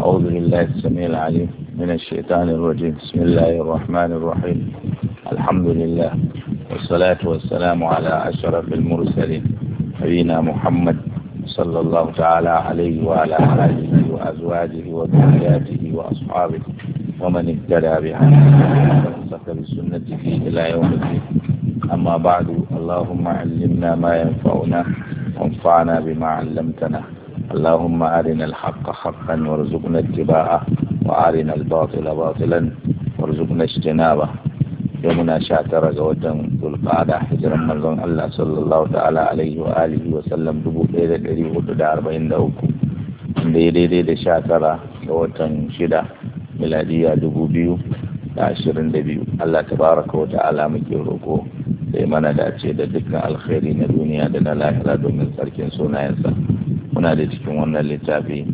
أعوذ بالله السميع العليم من الشيطان الرجيم بسم الله الرحمن الرحيم الحمد لله والصلاة والسلام على أشرف المرسلين نبينا محمد صلى الله تعالى عليه وعلى آله وأزواجه وذرياته وأصحابه ومن اهتدى بها واستمسك بسنته إلى يوم الدين أما بعد اللهم علمنا ما ينفعنا وانفعنا بما علمتنا اللهم أرنا الحق حقا وارزقنا اتباعه وأرنا الباطل باطلا وارزقنا اجتنابه يومنا شاتر زوجا ذو القعدة حجرا من الله صلى الله تعالى عليه وآله وسلم دبو إلى دري ودار بين دوكو daidai da sha ga watan shida miladiya dubu biyu da ashirin da biyu Allah tabaraka wa ta'ala muke roko sai mana dace da dukkan alkhairi na duniya da na lahira domin sarkin sunayensa muna da cikin wannan littafi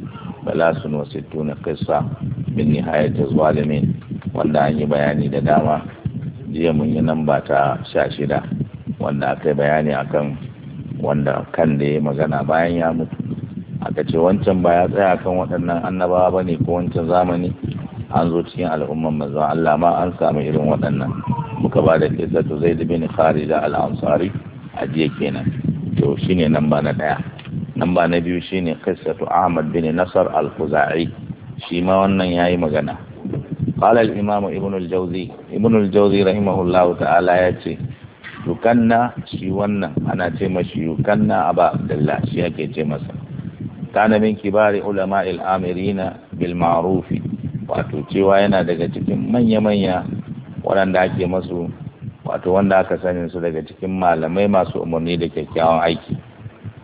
sun wasu tuna kissa bin nihayat zalimin wanda an yi bayani da dama jiya mun yi nan ba ta sha shida wanda aka yi bayani akan wanda kan da ya magana bayan ya mutu aka ce wancan ba ya tsaya kan waɗannan annabawa ba ne ko wancan zamani an zo cikin al'umman mazan Allah ma an samu irin waɗannan muka ba da kisa to zai ni kharija al a jiya kenan to shine ba na ɗaya ba na biyu shine qissatu Ahmad bin Nasar al-Khuzai shi ma wannan yayi magana qala al-imam Ibn al-Jawzi Ibn al-Jawzi rahimahullahu ta'ala yace yukanna shi wannan ana ce mashi yukanna aba Abdullah shi yake ce masa kana min kibari ulama al-amirina bil ma'rufi wato cewa yana daga cikin manya-manya waɗanda ake masu wato wanda aka sanin su daga cikin malamai masu umarni da kyakkyawan aiki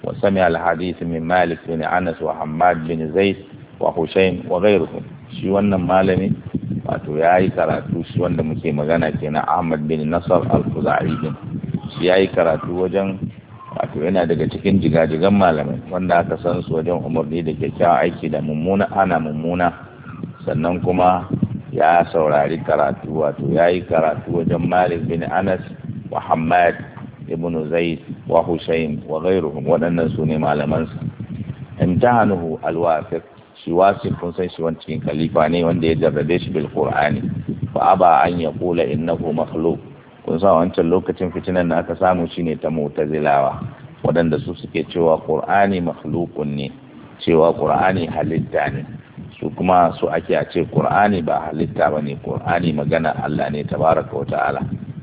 وسمع الحديث من مالك بن أنس وحماد بن زيد وحسين وغيرهم shi wannan malami wato ya yi karatu shi wanda muke magana kenan Ahmad bin Nasar al-Khuzai shi ya yi karatu wajen wato yana daga cikin jigajigan malamai wanda aka san su wajen umarni da kyakkyawan aiki da mummuna ana mummuna sannan kuma ya saurari karatu wato ya yi karatu wajen Malik bin Anas wa Hammad ibn Zaid wa Hussein wa ghairuhum waɗannan su ne malamansa imtahanuhu alwafiq shi wasif kun san shi wani cikin khalifa ne wanda ya jarrabe shi bil qur'ani fa aba an yaqula innahu maklu. kun san wancan lokacin fitinan da aka samu ne ta mu'tazilawa waɗanda su suke cewa ƙur'ani makhluqun ne cewa ƙur'ani halitta ne su kuma su ake a ce qur'ani ba halitta ba ne. qur'ani magana Allah ne ta tabaraka wa ta'ala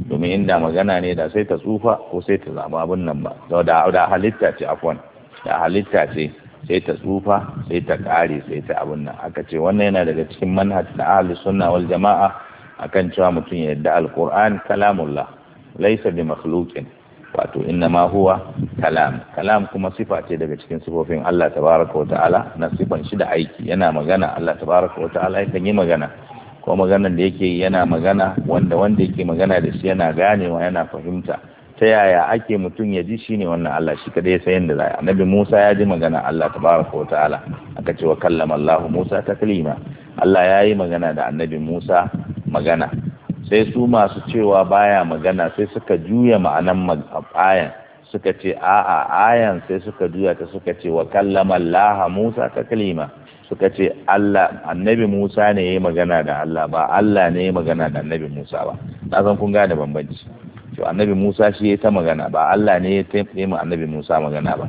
domin inda magana ne da sai ta tsufa ko sai ta zama abin nan ba da da halitta ce afwan da halitta ce sai ta tsufa sai ta kare sai ta abin nan aka ce wannan yana daga cikin manhaj na ahlus sunna wal jama'a akan cewa mutum ya yadda alquran kalamullah laysa bi makhluqin wato inna ma huwa kalam kalam kuma sifa ce daga cikin sifofin Allah tabaraka wa ta'ala na sifan shi da aiki yana magana Allah tabaraka wa ta'ala yakan yi magana ko maganar da yake yana magana wanda wanda yake magana da shi yana ganewa yana fahimta ta yaya ake mutum ya ji shi ne wannan Allah shi kadai sai yanda zai annabi Musa ya ji magana Allah tabaraka wa ta'ala aka ce wa kallama Allah Musa taklima Allah ya yi magana da annabi Musa magana sai su masu cewa baya magana sai suka juya ma'anan ayan suka ce a a ayan sai suka juya ta suka ce wa kallama laha Musa ta kalima suka ce Allah annabi Musa ne ya yi magana da Allah ba Allah ne yi magana da annabi Musa ba na san kun gane bambanci to annabi Musa shi ya ta magana ba Allah ne ya taimake mu annabi Musa magana ba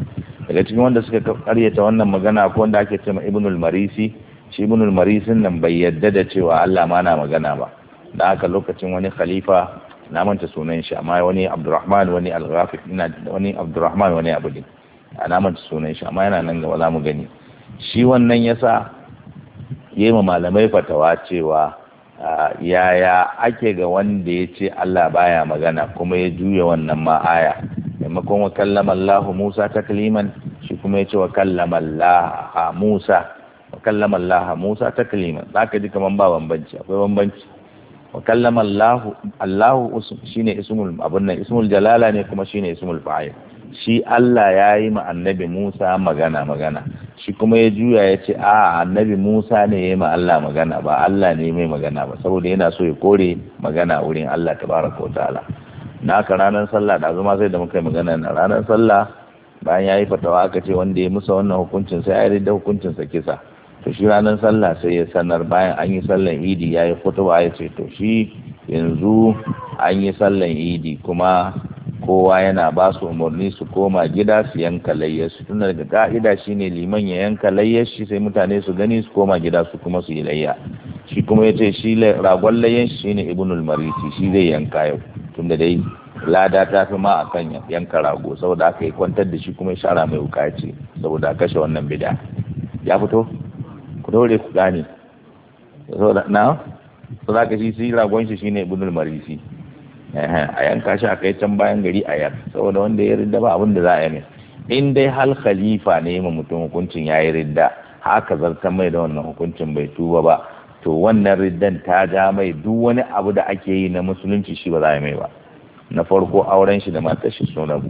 daga cikin wanda suka karyata wannan magana ko wanda ake cewa Ibnul Marisi shi Ibnul Marisin nan bai yadda da cewa Allah ma na magana ba da aka lokacin wani khalifa na manta sunan shi amma wani abdurrahman wani al-ghafiq ina wani abdurrahman wani abu ne manta sunan shi amma yana nan ga wala mu gani shi wannan yasa yema malamai fatawa cewa yaya ake ga wanda ya ce Allah baya magana kuma ya juya wannan ma aya maimakon wa kallama Allah Musa takliman shi kuma ya ce wa kallama Allah Musa wa kallama Allah Musa takliman zaka ji kaman ba bambanci akwai bambanci wa kallama Allahu Allahu shine ismul abun nan ismul jalala ne kuma shine ismul fa'il shi Allah ya yi ma annabi Musa magana magana shi kuma ya juya ya ce a annabi Musa ne ya yi ma Allah magana ba Allah ne mai magana ba saboda yana so ya kore magana wurin Allah tabaraka wa ta'ala na ka ranar sallah da zama sai da muka yi magana na ranar sallah bayan ya yi fatawa aka ce wanda ya musa wannan hukuncin sai ya da hukuncin sa kisa to shi ranar sallah sai ya sanar bayan an yi sallan idi ya yi kutuba ya ce to shi yanzu an yi sallan idi kuma kowa yana ba su umarni su koma gida su yanka su tun daga ka'ida shine liman ya yanka layyar shi sai mutane su gani su koma gida su kuma su yi layya shi kuma ya ce shi ragon layyar shi shine ibnul mariti shi zai yanka yau tun da dai lada ta fi ma akan yanka rago saboda aka yi kwantar da shi kuma shara mai wuka ce saboda kashe wannan bida ya fito ku daure ku gane na su za ka shi su yi ragon shi shine ibnul marisi a yanka shi a kai can bayan gari a yar saboda wanda ya ridda ba abin da za a yi ne in dai hal khalifa ne ma mutum hukuncin ya yi ridda haka zartan mai da wannan hukuncin bai tuba ba to wannan riddan ta ja mai duk wani abu da ake yi na musulunci shi ba za a yi mai ba na farko auren shi da matar shi sunan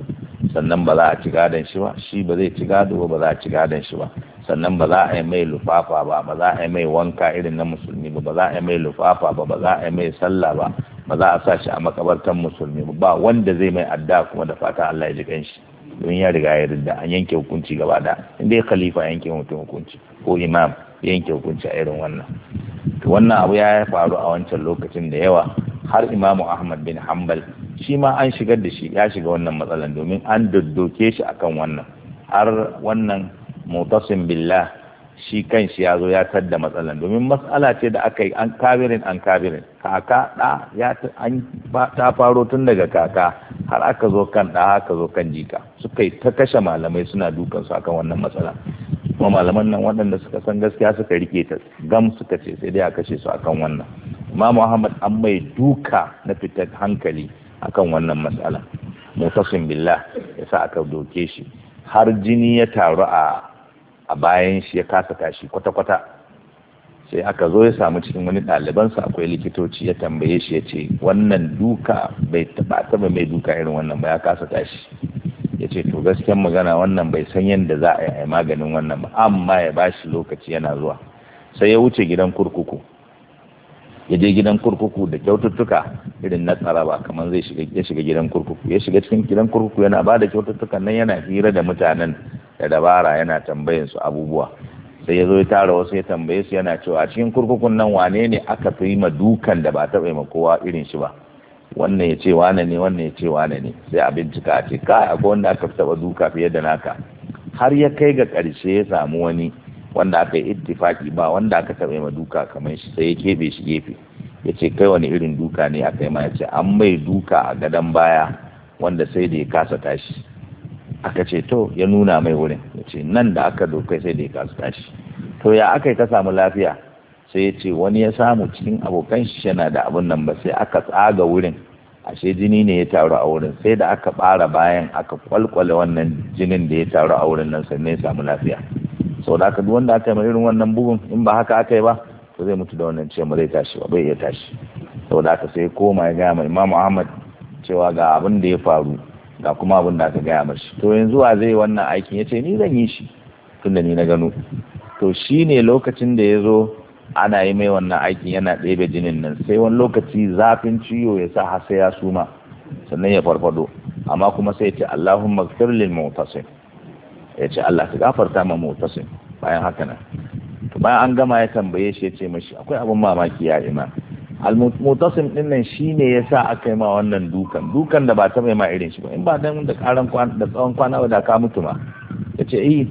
sannan ba za a ci gadon shi ba shi ba zai ci gado ba ba za a ci gadon shi ba sannan ba za a yi mai lufafa ba ba za a yi mai wanka irin na musulmi ba ba za a yi mai lufafa ba ba za a yi mai sallah ba ba za a sa shi a makabartan musulmi ba wanda zai mai adda kuma da fata Allah ya ji ganshi don ya riga ya ridda an yanke hukunci gaba da inda ya khalifa yanke mutum hukunci ko imam yanke hukunci a irin wannan to wannan abu ya faru a wancan lokacin da yawa har imamu ahmad bin hanbal shi ma an shigar da shi ya shiga wannan matsalan domin an daddoke shi akan wannan har wannan mutasim billah shi kan shi ya zo ya tadda matsalan domin matsala ce da aka yi an kabirin an kabirin kaka da ya an ta faro tun daga kaka har aka zo kan da aka zo kan jika suka yi ta kashe malamai suna dukan su akan wannan matsala kuma malaman nan waɗanda suka san gaskiya suka rike ta gam suka ce sai dai a kashe su akan wannan amma muhammad an mai duka na fitar hankali akan wannan matsala mutasim billah sa aka doke shi har jini ya taru a a bayan shi ya kasa tashi kwata-kwata sai aka zo ya samu cikin wani ɗalibansa akwai likitoci ya tambaye shi ya ce wannan duka bai taɓa taba mai duka irin wannan ba ya kasa tashi ya ce to gasken magana wannan bai san yadda za a yi maganin wannan ba amma ya ba shi lokaci yana zuwa sai ya wuce gidan kurkuku ya je gidan kurkuku da kyaututtuka irin na tsaraba kamar zai ya shiga gidan kurkuku ya shiga cikin gidan kurkuku yana ba da kyaututtukan nan yana hira da mutanen da dabara yana tambayin su abubuwa sai ya zo ya tara wasu ya tambaye su yana cewa a cikin kurkukun nan wane ne aka fi ma dukan da ba taɓa yi ma kowa irin shi ba wannan ya ce wane ne wannan ya ce wane ne sai a bincika a ce kai akwai wanda aka fi taɓa duka fiye da naka har ya kai ga ƙarshe ya samu wani wanda aka yi ittifaki ba wanda aka taɓa ma duka kamar shi sai ya keɓe shi gefe ya ce kai wani irin duka ne aka yi ma ya ce an mai duka a gadon baya wanda sai da ya kasa tashi aka ce to ya nuna mai wurin ya ce nan da aka dokai sai da ya kasu tashi to ya aka yi ka samu lafiya sai ya ce wani ya samu cikin abokan shi yana da abun nan ba sai aka tsaga wurin ashe jini ne ya taru a wurin sai da aka bara bayan aka kwalkwale wannan jinin da ya taru a wurin nan sannan ya samu lafiya sau da aka duk wanda aka yi mai irin wannan bugun in ba haka aka yi ba to zai mutu da wannan ce mu zai tashi ba bai iya tashi sau da aka sai koma ya gaya mai ahmad cewa ga abin da ya faru ga kuma abin da aka gaya mashi to yanzu wa zai wannan aikin ya ce ni zan yi shi tun da ni na gano to shi ne lokacin da ya zo ana yi mai wannan aikin yana ɗebe jinin nan sai wani lokaci zafin ciwo ya sa hasa ya suma sannan ya farfado amma kuma sai ya ce allahun gfir ya ce Allah ka gafarta ma mu'tasim bayan haka nan to bayan an gama ya tambaye shi ya ce mashi akwai abin mamaki ya imam almutasim din nan shine yasa aka yi ma wannan dukan dukan da ba ta mai ma irin shi ba in ba dan da karan kwana da tsawon kwana da ka mutu ma yace eh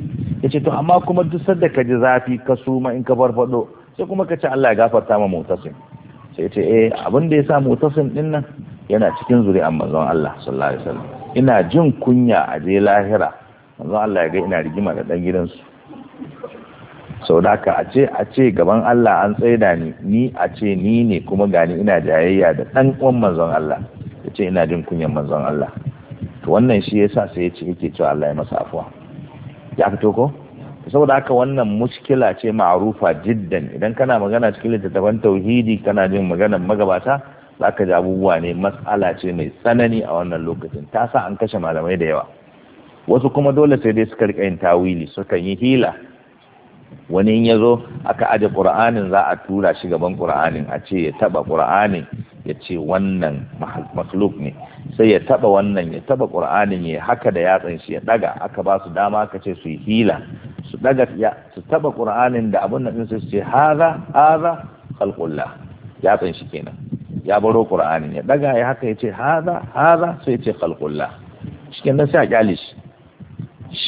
yace to amma kuma duk da ka ji zafi ka suma in ka farfado sai kuma ka ce Allah ya gafarta ma mutasim sai yace eh abin da yasa mutasim din nan yana cikin zuri'an manzon Allah sallallahu alaihi wasallam ina jin kunya a je lahira manzon Allah ya ga ina rigima da dan gidansu sau da haka a ce a ce gaban Allah an tsaida ni ni a ce ni ne kuma gani ina jayayya da ɗan uwan manzon Allah ya ce ina jin kunyan manzon Allah to wannan shi ya sa sai ya ce yake cewa Allah ya masa afuwa ya fito ko saboda haka wannan muskila ce ma'arufa jiddan idan kana magana cikin littattafan tauhidi kana jin maganar magabata zaka ji abubuwa ne matsala ce mai tsanani a wannan lokacin ta sa an kashe malamai da yawa wasu kuma dole sai dai suka rika yin tawili suka yi hila wani in ya zo aka aje ƙura'anin za a tura shi gaban ƙura'anin a ce ya taba ƙura'anin ya ce wannan makhluk ne sai ya taba wannan ya taba ƙura'anin ya haka da yatsan shi ya daga aka ba su dama aka ce su yi hila su ya su taba ƙura'anin da abin nan su ce haza haza khalqullah yatsan shi kenan ya baro ƙura'anin ya daga ya haka ya ce haza haza sai ya ce khalqullah cikin nan sai a kyale shi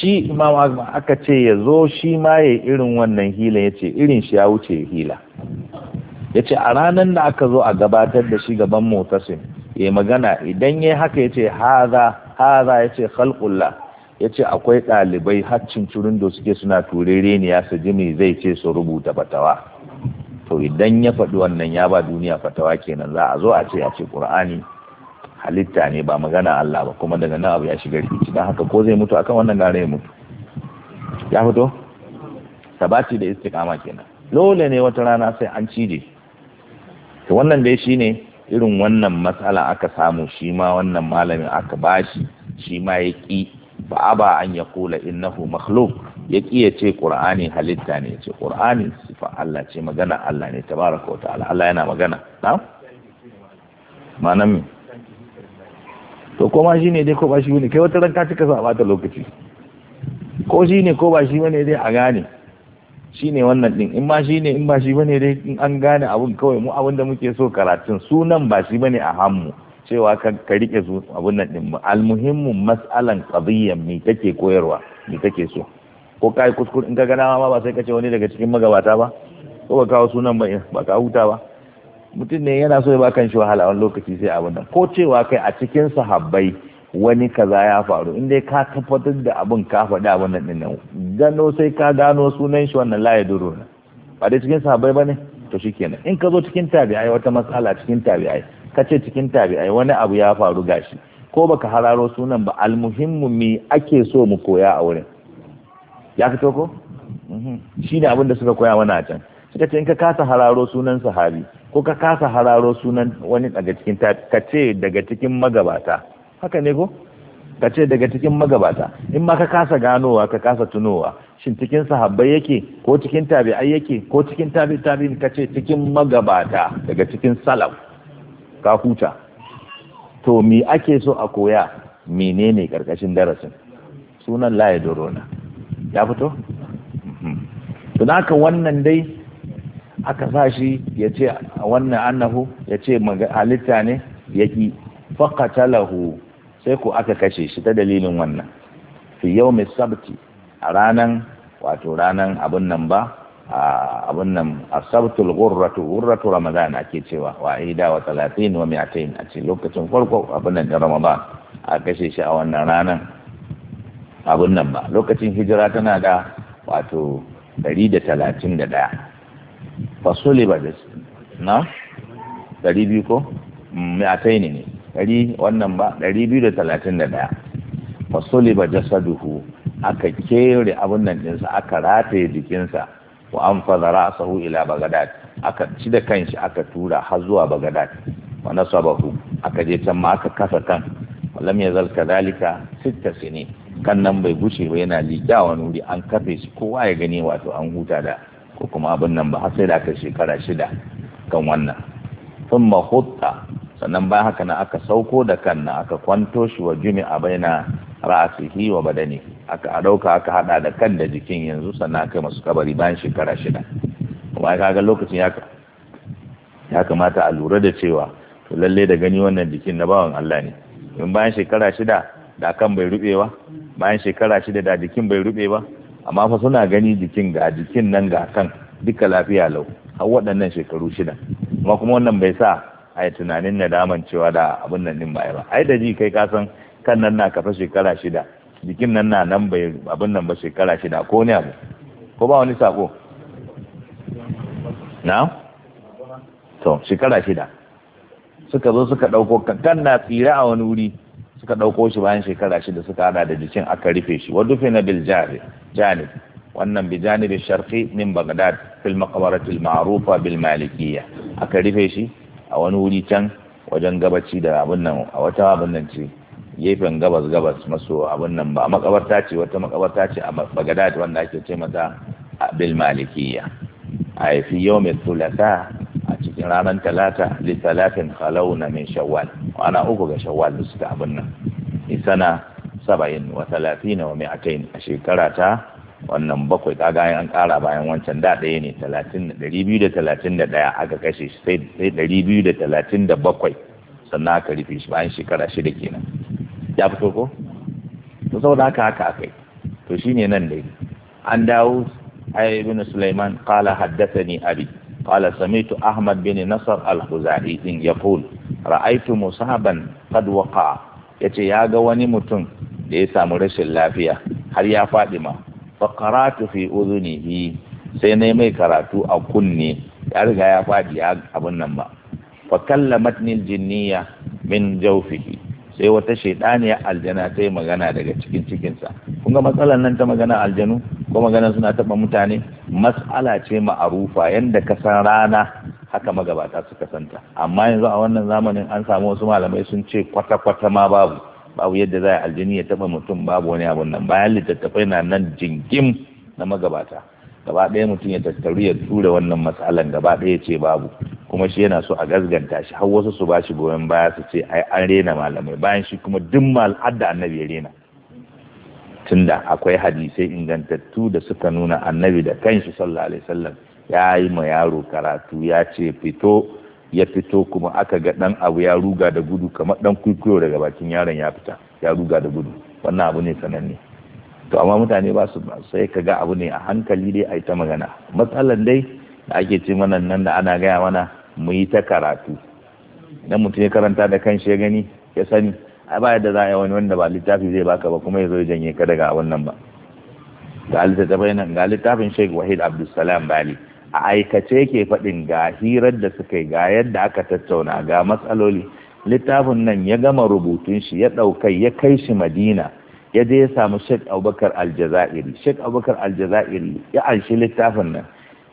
shi imam azma aka ce ya zo shi ma ya irin wannan hila ya ce irin shi ya wuce hila ya ce a ranar da aka zo a gabatar da shi gaban motasin ya magana idan ya haka ya ce haza haza ya ce khalqullah ya ce akwai ɗalibai haccin curin da suke suna turere ne ya su jimi zai ce su rubuta fatawa to idan ya faɗi wannan ya ba duniya fatawa kenan za a zo a ce a ce ƙur'ani halitta ne ba magana Allah ba kuma daga nan abu ya shiga rikici don haka ko zai mutu akan wannan gare ya mutu ya fito sabati da istiqama kenan Lole ne wata rana sai an cije to wannan dai shine irin wannan matsala aka samu shi ma wannan malamin aka bashi shi ma ya ƙi ba ba an ya kula innahu makhluk ya ƙi ya ce ƙur'ani halitta ne ya ce ƙur'ani sifa Allah ce magana Allah ne tabaraka wa ta'ala Allah yana magana na? to koma shi ne dai ko ba shi wani kai wata ranka cika sa bata lokaci ko shi ne ko ba shi wani dai a gane shi ne wannan din in ma shi ne in ba shi wani dai in an gane abun kawai mu abun da muke so karatun sunan ba shi bane a hannu cewa ka ka rike su abun nan din almuhimmu mas'alan qadiyyan me kake koyarwa me kake so ko kai kuskure in ka ga ma ba sai ka ce wani daga cikin magabata ba ko ba kawo sunan ba ba ka huta ba mutum ne yana so ya ba kan shi wahala wani lokaci sai abin nan ko cewa kai a cikin sahabbai wani kaza ya faru in dai ka tabbatar da abin ka faɗi abin nan din nan gano sai ka gano sunan shi wannan laye duro na ba dai cikin sahabbai bane to shikenan in ka zo cikin tabi'ai wata matsala cikin tabi'ai ka ce cikin tabi'ai wani abu ya faru gashi ko baka hararo sunan ba almuhimmu mi ake so mu koya a wurin ya fito ko mhm. shi ne abin da suka koya mana a can suka ce in ka kasa hararo sunan sahabi ko ka kasa hararo sunan wani daga cikin ka ce daga cikin magabata haka ne ko ka ce daga cikin magabata in ma ka kasa ganowa ka kasa tunowa shin cikin sahabbai yake ko cikin tabi'ai yake ko cikin tabi tabi ka ce cikin magabata daga cikin salaf ka huta to me ake so a koya menene karkashin darasin sunan la ya dorona ya fito mhm. to wannan dai aka sa shi ya ce wannan annahu ya ce halitta ne ya ƙi lahu sai ku aka kashe shi ta dalilin wannan fi yau mai sabti a ranan wato ranan abin nan ba abin nan a sabtul gurratu gurratu ramadan ake cewa wa ida wa talatin wa mi'atain a ce lokacin farko abin nan da ramadan a kashe shi a wannan ranan abin nan ba lokacin hijira tana da wato ɗari da talatin da ɗaya fasole ba na ɗari biyu ko mm, mi'atai ne ɗari wannan ba ɗari biyu da talatin da ɗaya fasole ba jasaduhu aka kere abin nan ɗinsa aka rataye jikinsa wa an fadara sahu ila bagadat aka ci da kanshi aka tura har zuwa bagadat wa nasabahu aka je can ma aka kasa kan lam yazal kadhalika sitta sinin kan nan bai gushe ba yana liƙa wani wuri an kafe shi kowa ya gani wato an huta da ko kuma abin nan ba har sai da aka shekara shida kan wannan sun mahutta sannan bayan haka na aka sauko da kan na aka kwanto shi wa jini a baina ra'asihi wa badani aka dauka aka haɗa da kan da jikin yanzu sannan aka masu kabari bayan shekara shida kuma ka ga lokacin ya kamata a lura da cewa to lalle da gani wannan jikin na bawan Allah ne in bayan shekara shida da kan bai rubewa bayan shekara shida da jikin bai ruɓe ba amma fa suna gani jikin ga jikin nan ga kan duka lafiya lau har waɗannan shekaru shida amma kuma wannan bai sa a yi tunanin nadaman cewa da abin nan din ba ai da ji kai kasan kan nan na kafa shekara shida jikin nan na nan bai abin nan ba shekara shida ko ne abu ko ba wani sako na to shekara shida suka zo suka ɗauko kan na tsira a wani wuri suka ɗauko shi bayan shekara shida suka hada da jikin aka rufe shi wadda fina bil jari janib wannan bi janibi sharqi min baghdad fil maqbarati al ma'rufa bil malikiyya aka rife shi a wani wuri can wajen gabaci da abin nan a wata abun nan ce gefen gabas gabas maso abin nan ba makabarta ce wata makabarta ce a baghdad wanda ake ce mata bil malikiyya a fi yawmin thulatha a cikin ranar talata li talatin khalawna min shawwal ana uku ga shawwal su ta abin nan isana saba'in wa talatin wa mi'atain a shekara ta wannan bakwai kaga an kara bayan wancan da ɗaya ne ɗari biyu da talatin da ɗaya aka kashe shi sai ɗari biyu da talatin da bakwai sannan aka rufe shi bayan shekara shida kenan ya fito ko to saboda haka haka akai to shine nan dai an dawo ay ibn sulaiman qala haddathani abi qala samitu ahmad bin nasr al-khuzai din yaqul ra'aytu musahaban qad waqa yace ya ga wani mutum da ya samu rashin lafiya har ya faɗi ma fa karatu fi udhunihi sai nayi mai karatu a kunne ya riga ya faɗi ya abin nan ba fa nil jinniya min jawfihi sai wata shaidaniyar aljana ta yi magana daga cikin cikinsa kun ga matsalar nan ta magana aljanu ko magana suna taɓa mutane matsala ce ma'arufa yadda ka san rana haka magabata suka santa amma yanzu a wannan zamanin an samu wasu malamai sun ce kwata-kwata ma babu babu yadda za a aljini ya taɓa mutum babu wani abun nan bayan littattafai na nan jingim na magabata gaba ɗaya mutum ya tattaru ya tura wannan matsalan gaba ɗaya ce babu kuma shi yana so a gasganta shi har wasu su bashi shi goyon baya su ce ai an rena malamai bayan shi kuma duk mal da annabi ya rena tunda akwai hadisai ingantattu da suka nuna annabi da kanshi sallallahu alaihi wasallam ya yi ma yaro karatu ya ce fito ya fito kuma aka ga dan abu ya ruga da gudu kamar dan kwikwiyo daga bakin yaron ya fita ya ruga da gudu wannan abu ne sananne to amma mutane ba su sai ka ga abu ne a hankali dai a yi ta magana matsalar dai da ake ce mana nan da ana gaya mana mu yi ta karatu idan mutum ya karanta da kan ya gani ya sani a ba yadda za a yi wani wanda ba littafi zai baka ba kuma ya zo janye ka daga wannan ba ga littafin shaikh wahid abdulsalam bali a aikace yake faɗin ga hirar da suka yi ga yadda aka tattauna ga matsaloli littafin nan ya gama rubutun shi ya ɗaukai ya kai shi madina ya je ya samu sheikh abubakar aljazairi sheikh abubakar aljazairi ya anshi littafin nan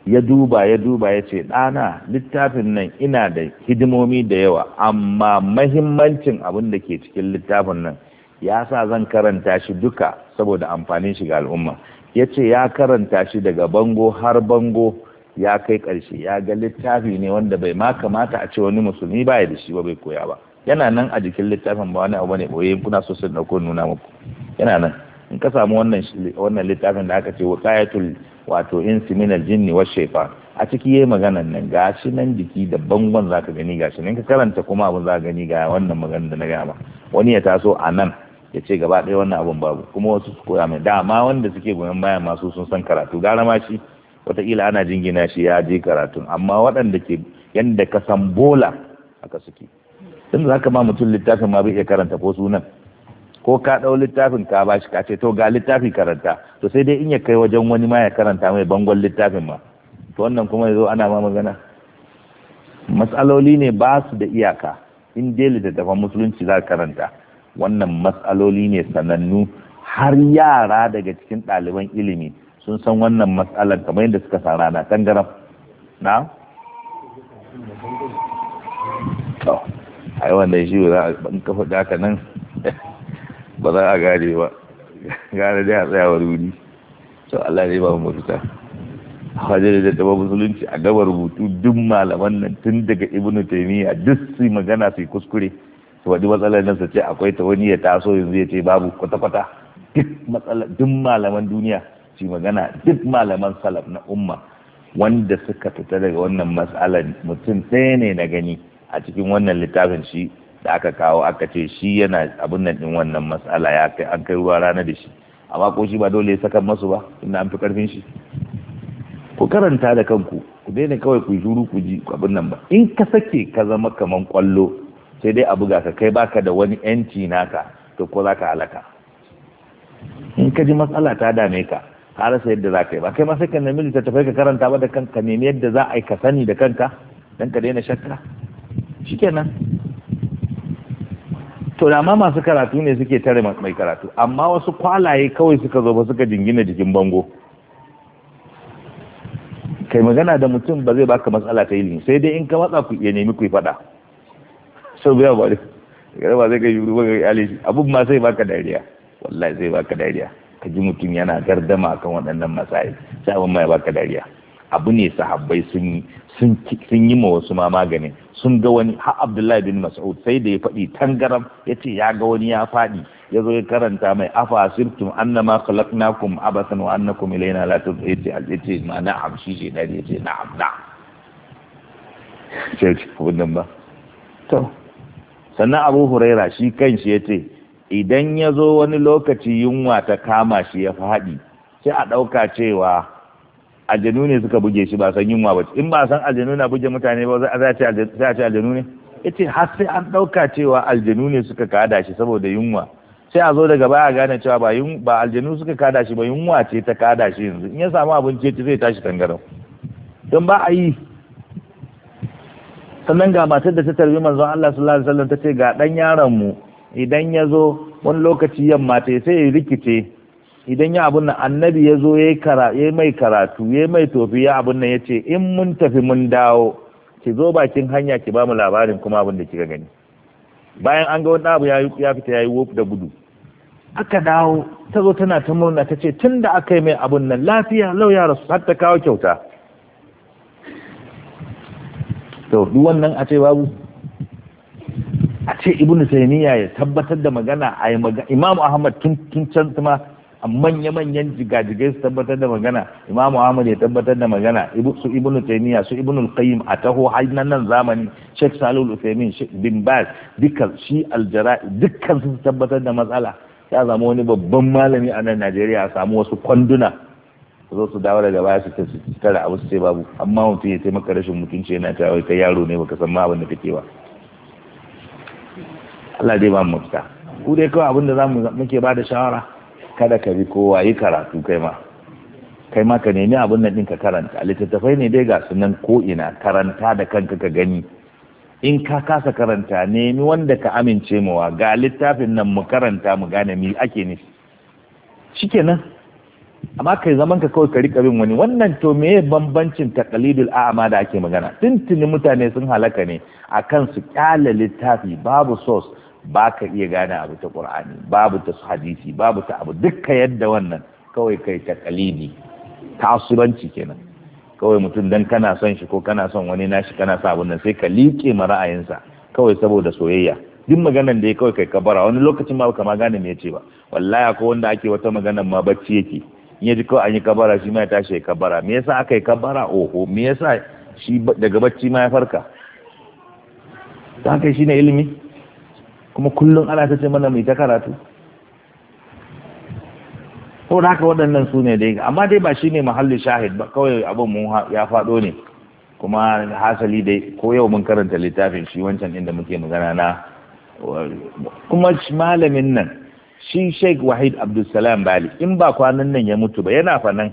ya duba ya duba ya ce ɗana littafin nan ina da hidimomi da yawa amma mahimmancin abin da ke cikin littafin nan ya sa zan karanta shi duka saboda amfanin shi ga al'umma ya ce ya karanta shi daga bango har bango ya kai ƙarshe ya ga littafi ne wanda bai ma kamata a ce wani musulmi baya da shi ba bai koya ba yana nan a jikin littafin ba wani abu ne boye kuna so su dauko nuna muku yana nan in ka samu wannan wannan littafin da aka ce waqiatul wato insi min aljinn wa shaytan a ciki yayi maganan nan gashi nan jiki da bangon zaka gani gashi nan ka karanta kuma abun zaka gani ga wannan maganar da na ga ba wani ya taso a nan ya ce gaba ɗaya wannan abun babu kuma wasu su koya mai dama wanda suke goyon bayan masu sun san karatu gara ma shi wataƙila ana jingina shi ya je karatun amma waɗanda ke yadda ka san bola aka suke tun za ka ma mutum littafin ma bai iya karanta ko sunan ko ka ɗau littafin ka bashi ka ce to ga littafi karanta to sai dai in ya kai wajen wani ma ya karanta mai bangon littafin ma to wannan kuma ya zo ana ma magana matsaloli ne ba su da iyaka in dai littattafan musulunci za karanta wannan matsaloli ne sanannu har yara daga cikin ɗaliban ilimi sun san wannan matsalar kamar yadda suka sa rana tangaram na to ai wannan shi za a ban kafa haka nan ba za a gane ba gane dai a tsaya wuri to Allah ne ba mu mafita wajen da taba musulunci a gaba rubutu duk malaman nan tun daga ibnu taymiya duk su magana su kuskure su wadi matsalar nan su ce akwai ta wani ya taso yanzu ya ce babu kwata-kwata duk malaman duniya su magana duk malaman salaf na umma wanda suka fita daga wannan mas'alar mutum ɗaya ne na gani a cikin wannan littafin shi da aka kawo aka ce shi yana abin nan din wannan matsala ya kai an kai ruwa rana da shi amma ko shi ba dole ya saka masu ba inda an fi karfin shi ku karanta da kanku ku daina kawai ku shuru ku ji abin nan ba in ka sake ka zama kaman kwallo sai dai a buga ka kai baka da wani yanci naka to ko za ka halaka in ka ji matsala ta dame ka ka rasa yadda za ka yi ba kai ma sai ka nemi littattafai ka karanta ba da kanka nemi yadda za a yi ka sani da kanka dan ka daina shakka shikenan to da ma masu karatu ne suke tare mai karatu amma wasu kwalaye kawai suka zo ba suka jingina jikin bango kai magana da mutum ba zai baka matsala ta ilimi sai dai in ka matsa ku ya nemi ku faɗa sau biya ba duk ba zai ga yuru ba ga yale abun ma sai baka dariya wallahi sai baka dariya ka ji mutum yana gardama kan waɗannan matsayi sai abin mai baka dariya abu ne sahabbai sun yi sun yi ma wasu ma magani. sun ga wani har abdullahi bin mas'ud sai da ya faɗi tangaram ya ce ya ga wani ya faɗi ya zo ya karanta mai afa sirtum annama khalaqnakum abasan wa annakum ilayna la turji'un ya ce ma shi ce yace ya ce na'am na'am sai ba to sannan abu huraira shi kan shi ya ce idan ya zo wani lokaci yunwa ta kama shi ya faɗi sai a ɗauka cewa aljanu ne suka buge shi ba san yunwa ba in ba san aljanu na buge mutane ba za a ce aljanu ne ce har sai an ɗauka cewa aljanu ne suka kada shi saboda yunwa sai a zo daga baya gane cewa ba ba aljanu suka kada shi ba yunwa ce ta kada shi yanzu in ya samu abinci ceci zai tashi tangarau don ba a yi sannan ga matar da ta tarbi manzon Allah sallallahu alaihi wasallam ta ce ga dan yaron mu idan ya zo wani lokaci yamma ta sai ya rikice idan ya abun nan annabi ya zo ya yi mai karatu ya mai tofi ya abun nan ya ce in mun tafi mun dawo ki zo bakin hanya ki ba mu labarin kuma abin da kika gani bayan an ga wani abu ya fita ya yi da gudu aka dawo ta zo tana ta murna ta ce tun da aka yi mai abun nan lafiya lau ya rasu har ta kawo kyauta to duk wannan a ce babu a ce ibnu taymiya ya tabbatar da magana a imam ahmad tun tun can a manya-manyan jigajigai su tabbatar da magana imam ahmad ya tabbatar da magana su ibnu taymiya su ibnu qayyim a taho har nan nan zamani sheikh salul uthaymin bin baz dukkan shi aljara'i dukkan su tabbatar da matsala ya zama wani babban malami a nan najeriya a samu wasu kwanduna zo su dawo daga baya su tara abu su ce babu amma mutum ya taimaka rashin mutunci yana ta yaro ne baka san ma abin da kake ba Allah dai ba mu fita. ku dai kawai abinda za mu muke ba da shawara kada ka bi kowa yi karatu kai ma kai ma ka nemi abin nan ɗin ka karanta littattafai ne dai ga su nan ko ina karanta da kanka ka gani in ka kasa karanta nemi wanda ka amince mawa ga littafin nan mu karanta mu gane mi ake nufi shikenan amma kai zaman ka kawai ka rika bin wani wannan to meye bambancin taqlidul a'ma da ake magana tuntuni mutane sun halaka ne akan su kyale littafi babu source ba ka iya gane abu ta qur'ani babu ta hadisi babu ta abu dukka yadda wannan kawai kai taqlidi kasuwanci kenan kawai mutum dan kana son shi ko kana son wani nashi kana sa abun nan sai ka liƙe ma ra'ayinsa kawai saboda soyayya duk maganan da ya kawai kai kabara wani lokacin ma ka ma gane me ya ce ba wallahi akwai wanda ake wata maganan ma bacci yake ya ji kawai an yi kabara shi ma ya tashi ya kabara me yasa aka yi kabara oho me yasa shi daga bacci ma ya farka ta kai shi ne ilimi kuma kullum ana ta ce mana mai ta karatu ko da haka waɗannan su ne dai amma dai ba shi ne muhallin shahid ba kawai abin mu ya faɗo ne kuma hasali dai ko yau mun karanta littafin shi wancan inda muke magana na kuma malamin nan shi Sheikh wahid abdulsalam bali in ba kwanan nan ya mutu ba yana fanan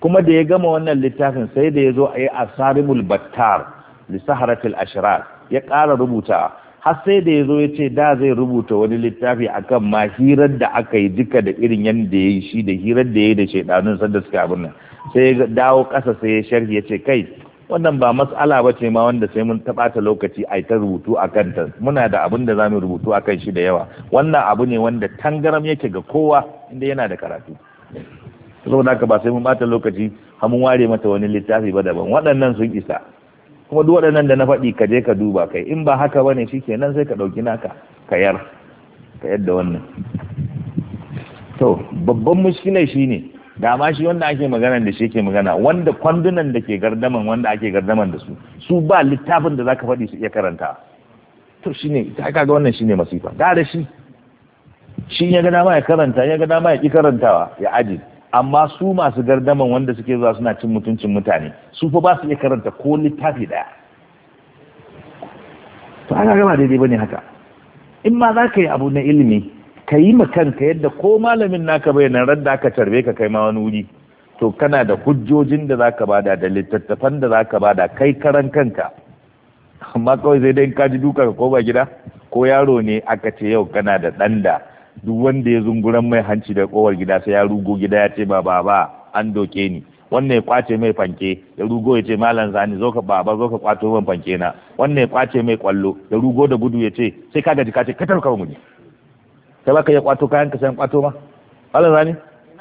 kuma da ya gama wannan littafin sai da ya zo a yi asarimul battar lissaharatul ashirar ya ƙara rubuta har sai da ya zo ya ce da zai rubuta wani littafi akan ma hirar da aka yi duka da irin yadda ya yi shi da hirar da ya yi da shaidanun sanda suka abin nan sai ya dawo ƙasa sai ya sharhi ya ce kai wannan ba matsala ba ce ma wanda sai mun taɓata lokaci a ta rubutu a kanta muna da abin da za mu rubutu a kan shi da yawa wannan abu ne wanda tangaram yake ga kowa inda yana da karatu saboda haka ba sai mun bata lokaci har mun ware mata wani littafi ba daban waɗannan sun isa kuma duk waɗannan da na faɗi ka je ka duba kai in ba haka bane kenan sai ka ɗauki naka ka yar ka yadda wannan to babban mushkilai shine da ma shi wanda ake magana da shi ke magana wanda kwandunan da ke gardaman wanda ake gardaman da su su ba littafin da zaka faɗi su iya karanta to shine ta kaga wannan shine masifa da da shi shi ya ga dama ya karanta ya ga dama ya ki karantawa ya aji amma su masu gardaman wanda suke zuwa suna cin mutuncin mutane su fa ba su iya karanta ko littafi daya to haka gaba daidai bane haka in ma za ka yi abu na ilimi ka yi ma kanka yadda ko malamin naka bai nan da aka tarbe ka kai ma wani wuri to kana da hujjojin da zaka bada da littattafan da zaka bada kai karan kanka amma kawai sai dai ka ji duka ko ba gida ko yaro ne aka ce yau kana da ɗan da duk wanda ya zunguran mai hanci da kowar gida sai ya rugo gida ya ce ba ba an doke ni wannan ya kwace mai fanke ya rugo ya ce malam zani zo ka baba zo ka kwato man fanke na wannan ya kwace mai kwallo ya rugo da gudu ya ce sai ka gaji ka ce ka tarka mu ne kai baka iya kwato kayan ka sayan kwato ma Allah zani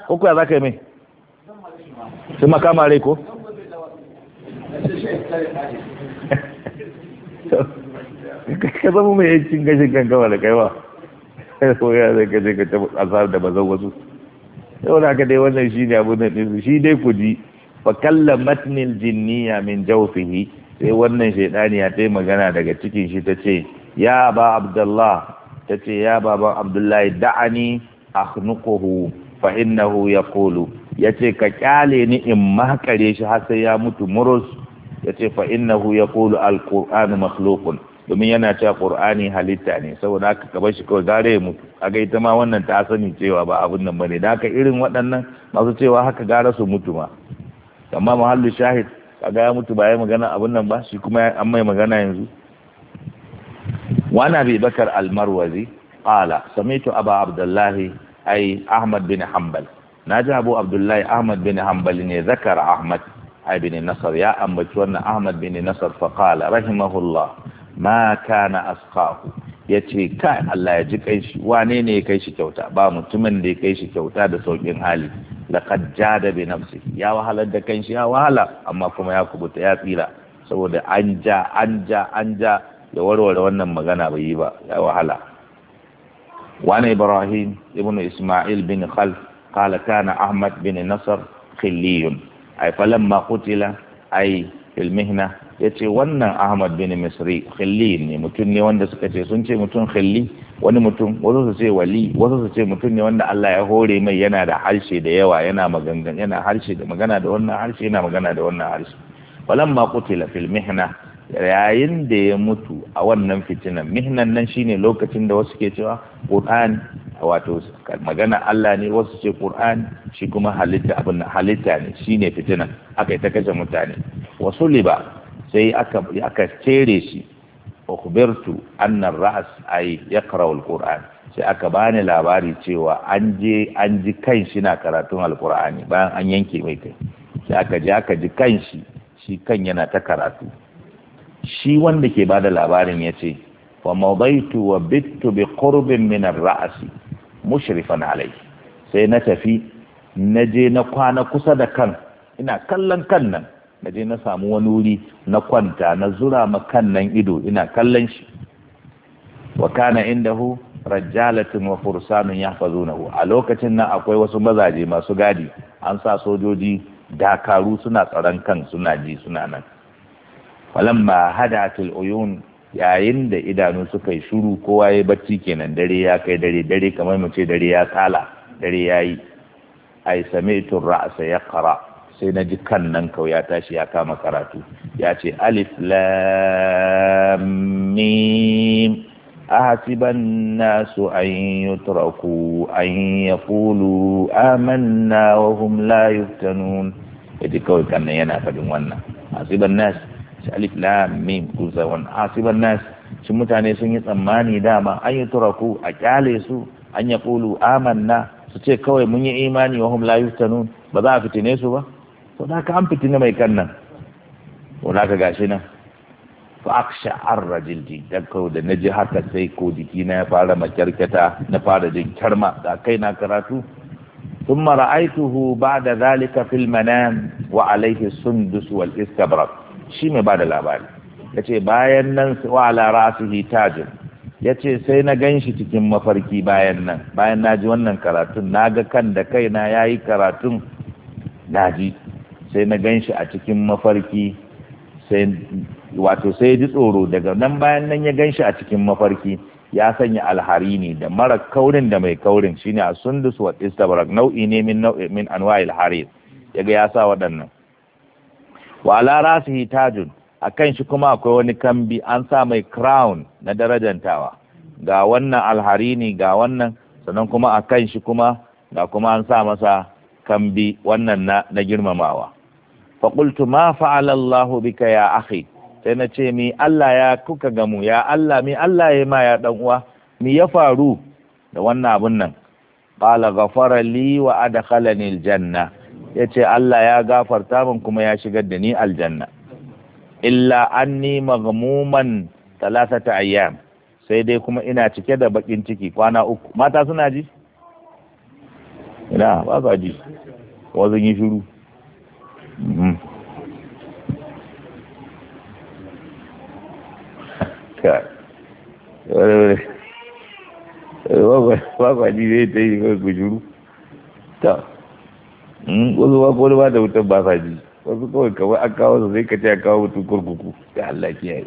ko kuya zaka yi mai sai maka mare ko ka zama mai yancin gashin kan gama da ba? ko ya zai gaje ka tafi asar da bazan wasu yau da aka dai wannan shi ne abin da shi dai ku ji fa kallamatnil jinniya min jawfihi sai wannan shaidani ya ta magana daga cikin shi ta ce ya ba abdullah ta ce ya baban abdullahi da'ani akhnuquhu fa ya ya yace ka kyale ni in makare shi har ya mutu ya yace fa ya kolo alqur'anu makhluqun domin yana cewa qur'ani halitta ne saboda haka kaba shi kawai gare mutu ga ita ma wannan ta sani cewa ba abun nan bane da haka irin waɗannan masu cewa haka gara su mutu ma amma muhallu shahid kaga ya mutu ba ya magana abun nan ba shi kuma an mai magana yanzu وعن أبي بكر المروزي قال سمعت أبا عبد الله أي أحمد بن حنبل ناجى أبو عبد الله أحمد بن حنبل ذكر أحمد أي بن نصر يا أمتون أحمد بن نصر فقال رحمه الله ما كان أسقاه ya ce kai Allah ya ji kai shi wane ne ya kai shi kyauta ba mutumin da ya kai shi kyauta da saukin hali laqad jada bi nafsi ya wahalar da shi ya wahala amma kuma ya kubuta ya tsira saboda an ja an ja an ja da warware wannan magana bai yi ba ya wahala wani ibrahim ibn isma'il bin khalf قال Ahmad bin بن نصر خلي أي فلما قتل أي في المهنة yace wannan Ahmad bin Misri khilli ne mutum ne wanda suka ce sun ce mutum khilli wani mutum wasu su ce wali wasu su ce mutum ne wanda Allah ya hore mai yana da harshe da yawa yana magangan yana harshe da magana da wannan harshe yana magana da wannan harshe falamma qutila fil mihna yayin da ya mutu a wannan fitinan mihnan nan shine lokacin da wasu ke cewa qur'ani wato magana Allah ne wasu ce qur'ani shi kuma halitta abin halitta ne shine fitinan aka yi ta kashe mutane wasu liba sai aka aka tere shi ukhbirtu anna ra'as ras ay yaqra'u sai aka bani labari cewa an je an ji kan shi na karatun alqur'ani bayan an yanke mai kai sai aka je aka ji kan shi shi kan yana ta karatu shi wanda ke bada labarin ya ce wa mabaitu wa bittu bi qurbin min ar-ra'si mushrifan alai sai na tafi na je na kwana kusa da kan ina kallon kan nan na je na samu wani wuri na kwanta na zura ma kan nan ido ina kallon shi wa kana indahu rajalatin wa fursanun hu. a lokacin nan akwai wasu mazaje masu gadi an sa sojoji dakaru suna tsaron kan suna ji suna nan falamma hadatul uyun yayin da idanu suka yi shuru kowa ya bacci kenan dare ya kai dare dare kamar mu ce dare ya tsala dare ya yi ai sami'tu ra'sa yaqra sai na ji kan nan kawai ya tashi ya kama karatu ya ce alif lam mim ahasiban nasu an yutraku an yaqulu amanna wa hum la yuftanun kawai kan nan yana fadin wannan ahasiban nasu shi alif lam mim kuzawan asiban nas shi mutane sun yi tsammani dama an yi turaku a kyale su an ya kulu amanna su ce kawai mun yi imani wa hum la yuftanun ba za a fitine su ba to da ka an fitine mai kan nan to da ka gashi nan fa aksha arrajil di da ko da naji haka sai ko jiki na ya fara makyarkata na fara jin karma da kai na karatu ثم رأيته بعد ذلك في المنام وعليه السندس والاستبرق shi mai ba da labari ya ce bayan nan wa ala rasihi tajin ya ce sai na gan shi cikin mafarki bayan nan bayan na ji wannan karatun na ga kan da kaina ya yi karatun na ji sai na gan shi a cikin mafarki wato sai ji tsoro daga nan bayan nan ya gan shi a cikin mafarki ya sanya alhari ne da mara kaurin da mai kaurin shine a sundus wa istabarak nau'i ne min nau'i min anwa'il harir yaga ya sa waɗannan wa ala rasihi tajun kan shi kuma akwai wani kambi an sa mai crown na darajantawa ga wannan alharini ga wannan sannan kuma a kan shi kuma ga kuma an sa masa kambi wannan na, girmamawa faƙultu ma fa'ala Allahu bika ya akhi sai na ce mi Allah ya kuka gamu ya Allah mi Allah ya ma ya dan uwa mi ya faru da wannan abun nan qala ghafara li wa adkhalani janna ya ce Allah ya gafarta min kuma ya shigar da ni aljanna illa anni maghmuman talatata ayyam sai dai kuma ina cike da bakin ciki kwana uku mata suna ji ina ba sa ji wazin yi shiru ba ba ji zai ta yi shiru ta Hmm? wasu ba ko ba da wutar ba sa ji wasu kawai kawai a kawo su sai ka ce a kawo mutum kurkuku ga Allah kiyaye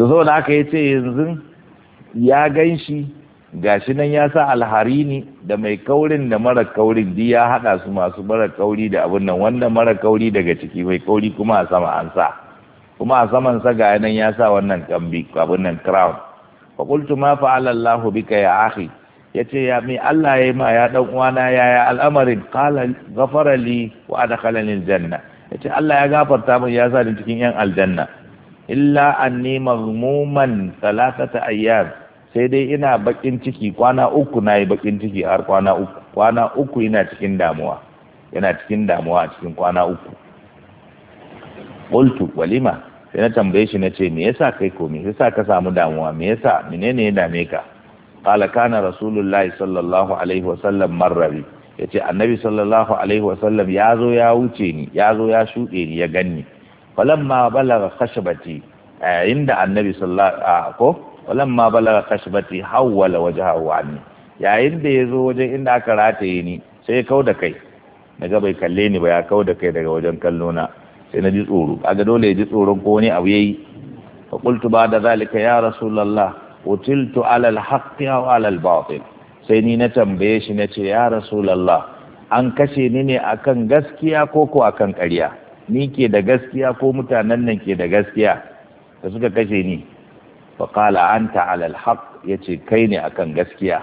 to saboda aka yi ce yanzu ya gan shi gashi nan ya sa alharini da mai kaurin da mara kaurin di ya haɗa su masu mara kauri da abin nan wanda mara kauri daga ciki mai kauri kuma a sama an sa kuma a saman sa ga nan ya sa wannan kambi abin nan crown fa qultu ma fa'ala Allahu bika ya akhi ya ce ya mai Allah ya yi ma ya ɗan uwana ya yi al'amarin gafara li wa adakhala janna ya ce Allah ya gafarta min ya sa ni cikin yan aljanna illa anni talata talatata ayyar sai dai ina bakin ciki kwana uku nayi bakin ciki har kwana uku kwana uku ina cikin damuwa yana cikin damuwa a cikin kwana uku qultu walima sai na tambaye shi na ce me yasa kai ko me yasa ka samu damuwa me yasa menene ya dame ka qala kana rasulullahi sallallahu alaihi wa sallam marrabi yace annabi sallallahu alaihi sallam ya zo ya wuce ni ya zo ya shude ni ya ganni falamma balagha khashbati inda annabi sallallahu ko falamma balagha khashbati hawwala wajhahu anni yayin da ya zo wajen inda aka rataye ni sai ya kau da kai naga bai kalle ni ba ya kau da kai daga wajen kallo na sai na ji tsoro kaga dole ya ji tsoron ko wani abu yayi fa qultu ba da zalika ya rasulullahi utiltu alal haqqi aw alal batil sai ni na tambaye shi na ce ya rasulallah an kashe ni ne akan gaskiya ko ko akan ƙarya ni ke da gaskiya ko mutanen nan ke da gaskiya da suka kashe ni fa qala anta alal haqq yace kai ne akan gaskiya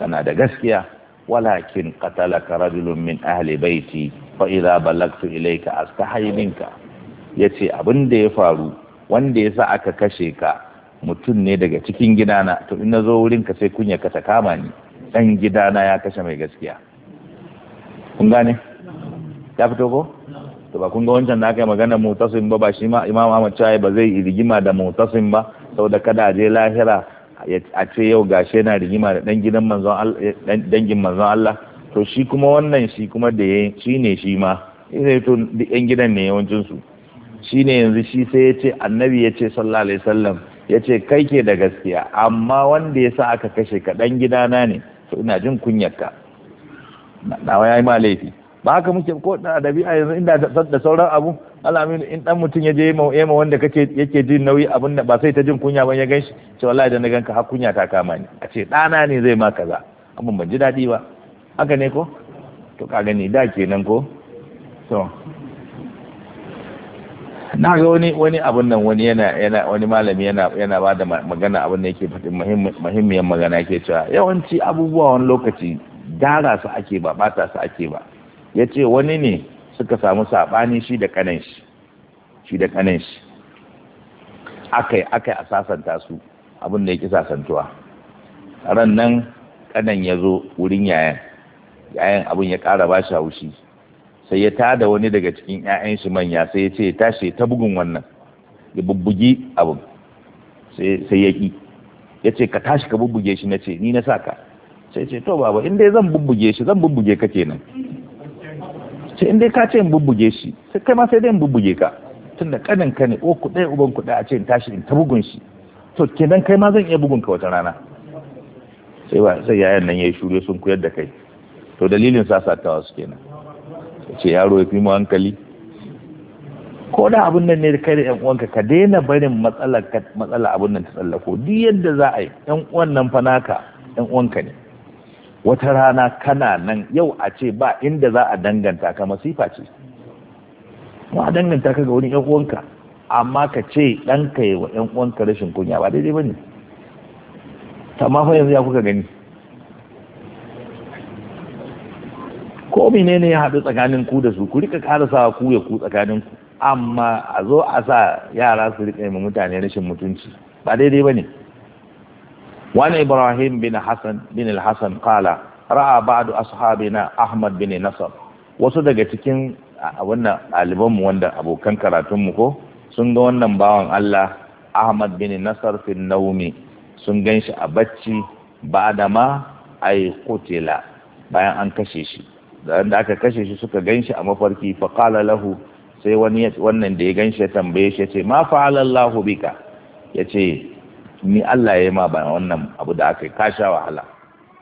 kana da gaskiya walakin qatalaka rajulun min ahli baiti fa idza balagtu ilayka astahi yace abin da ya faru wanda yasa aka kashe ka mutum ne daga cikin gidana to in na zo wurin ka sai kunya ka ta kama ni dan gidana ya kashe mai gaskiya kun mm. gane ya fito ko to ba kun ga wancan da aka yi magana mutasim ba ba shi ma imam Ahmad cewa ba zai yi rigima da mutasim ba saboda kada a je lahira a ce yau gashi yana rigima da dan gidan manzon Allah dangin manzon Allah to shi kuma wannan shi kuma da shi ne shi ma ina to yan gidan ne yawancin su shi ne yanzu shi sai ya ce annabi ya ce sallallahu alaihi wasallam ya ce kai ke da gaskiya amma wanda ya sa aka kashe ka ɗan gidana ne to ina jin kunyarka nawa ya yi ma laifi ba haka muke ko da ɗabi'a yanzu inda da sauran abu alamin in dan mutum ya je ma wanda kake yake jin nauyi abin da ba sai ta jin kunya ba ya ganshi ce wallahi da na ganka har kunya ta kama ni a ce ɗana ne zai ma kaza abin ban ji daɗi ba haka ne ko to ka gani da kenan ko to na ga wani wani abun nan wani yana yana wani malami yana yana ba da magana abin da yake fadin muhimmiyar magana yake cewa yawanci abubuwa wani lokaci gara su ake ba bata su ake ba yace wani ne suka samu saɓani shi da kanan shi shi da kanan shi akai akai a sasanta su abin da yake sasantuwa ran nan kanan ya zo wurin yayan yayan abin ya ƙara bashi haushi sai ya tada wani daga cikin 'ya'yan shi manya sai ya ce ya tashi ta bugun wannan ya bubbugi abin sai ya ƙi ya ce ka tashi ka bubbuge shi na ce ni na sa ka sai ce to baba in dai zan bubbuge shi zan bubbuge ka kenan ce in dai ka ce in bubbuge shi sai kai ma sai dai in bubbuge ka tun da kanin ka ne o ku ɗaya uban ku ɗaya a ce in tashi in ta bugun shi to kenan kai ma zan iya bugun ka wata rana sai ba sai yayan nan ya yi shure sun koyar da kai to dalilin sasatawa su kenan ce yaro ya fi mu hankali ko da abin nan ne kai da yan uwanka ka daina barin matsalar matsala abun nan ta tsallako duk yadda za a yi yan uwan nan fa naka yan uwanka ne wata rana kana nan yau a ce ba inda za a danganta ka masifa ce ba a danganta ka ga wani yan uwanka amma ka ce ɗanka yi wa yan uwanka rashin kunya ba daidai ba ne amma fa yanzu ya kuka gani ko menene ya haɗu tsakanin ku da su ku rika sa ku ya ku tsakanin ku amma a zo a sa yara su rika yi mutane rashin mutunci ba daidai ba ne wani ibrahim bin hassan bin hassan kala ra'a ba'du na ahmad bin nasar wasu daga cikin wannan ɗalibanmu wanda abokan karatunmu ko sun ga wannan bawan allah ahmad bin nasar fin naumi sun gan shi a bacci ba da ma ai kotela bayan an kashe shi da da aka kashe shi suka ganshi a mafarki faƙala lahu sai wani wannan da ya ganshi ya tambaye shi ya ce ma fa'ala Allahu bika ce ni Allah ya yi ma ba wannan abu da aka yi ka sha wahala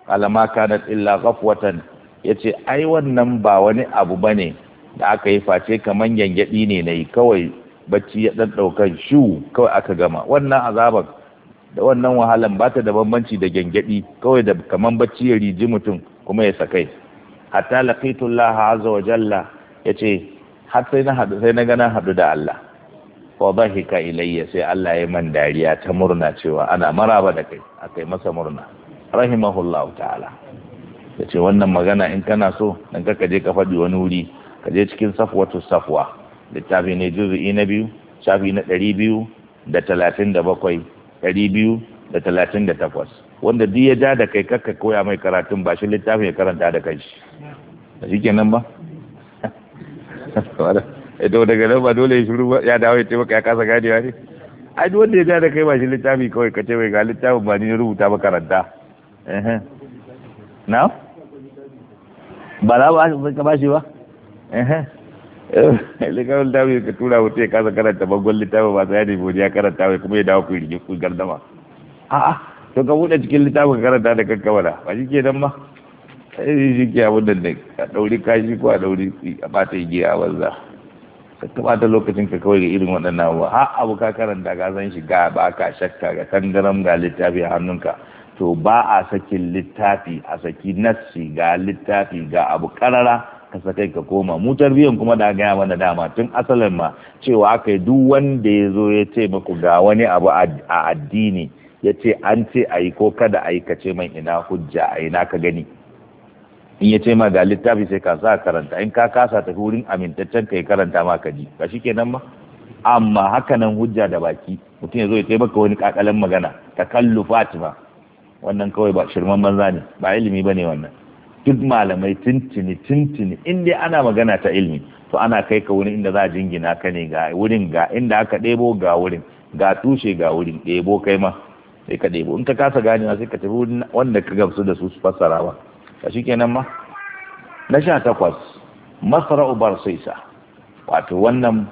ƙala ma kanat illa ghafwatan ce ai wannan ba wani abu ba ne da aka yi face kaman gyangyaɗi ne na yi kawai bacci ya ɗan ɗaukan shu kawai aka gama wannan azabar da wannan wahalan ba ta da bambanci da gyangyaɗi kawai da kaman bacci ya riji mutum kuma ya sakai hatta laqitullah azza wa jalla yace har sai na hadu sai na ga na hadu da Allah wa dhahika ilayya sai Allah ya man dariya ta murna cewa ana maraba da kai akai masa murna rahimahullahu ta'ala yace wannan magana in kana so dan ka je ka faɗi wani wuri ka je cikin safwatu safwa littafi ne juz'i na biyu shafi na ɗari biyu da talatin da bakwai ɗari biyu da talatin da takwas wanda duk ya ja da kai kakka koya mai karatun ba shi littafin ya karanta da kai da shi kenan ba ito eh, daga nan ba dole ya shiru ba ya dawo ya ce maka ya kasa ganewa ne ai duk wanda ya ja da kai ba shi littafi kawai ka ce mai ga littafin ba ni rubuta ba karanta na ba la ba ka ba shi ba da eh, bi ka tura wuce ya kasa karanta gwal littafin ba sai ya nemi ya karanta kuma ya dawo ku yi rigin kun gardama a'a to ka buɗe cikin littafin karanta da kakkawala ba shi ke nan ma sai shi ke abin da a ɗauri kashi ko a ɗauri a ɓata igiya a banza ka taɓa ta lokacin ka kawai ga irin waɗannan abubuwa har abu ka karanta ka san shi ga ba ka shakka ga tangaram ga littafi a hannunka to ba a sakin littafi a saki nassi ga littafi ga abu karara ka sakai ka koma mu biyan kuma da gaya mana dama tun asalin ma cewa aka yi duk wanda ya zo ya ce maku ga wani abu a addini ya ce an ce a yi ko kada a yi ka ce mai ina hujja a ina ka gani in ya ce ma ga littafi sai ka sa karanta in ka kasa tafi wurin amintaccen ka yi karanta ma ka ji ba shi kenan ba amma hakanan hujja da baki mutum ya zo ya maka wani kakalan magana ta kallu fatima wannan kawai ba shirman banza ne ba ilimi ba ne wannan duk malamai tintini tintini in ana magana ta ilimi to ana kai ka wurin inda za a jingina ka ne ga wurin ga inda aka ɗebo ga wurin ga tushe ga wurin ɗebo kai ma sai ka ɗebo in ka kasa ganewa sai ka tafi wanda ka gamsu da su su fassara ba a shi kenan ma na sha takwas masara'u barsisa wato wannan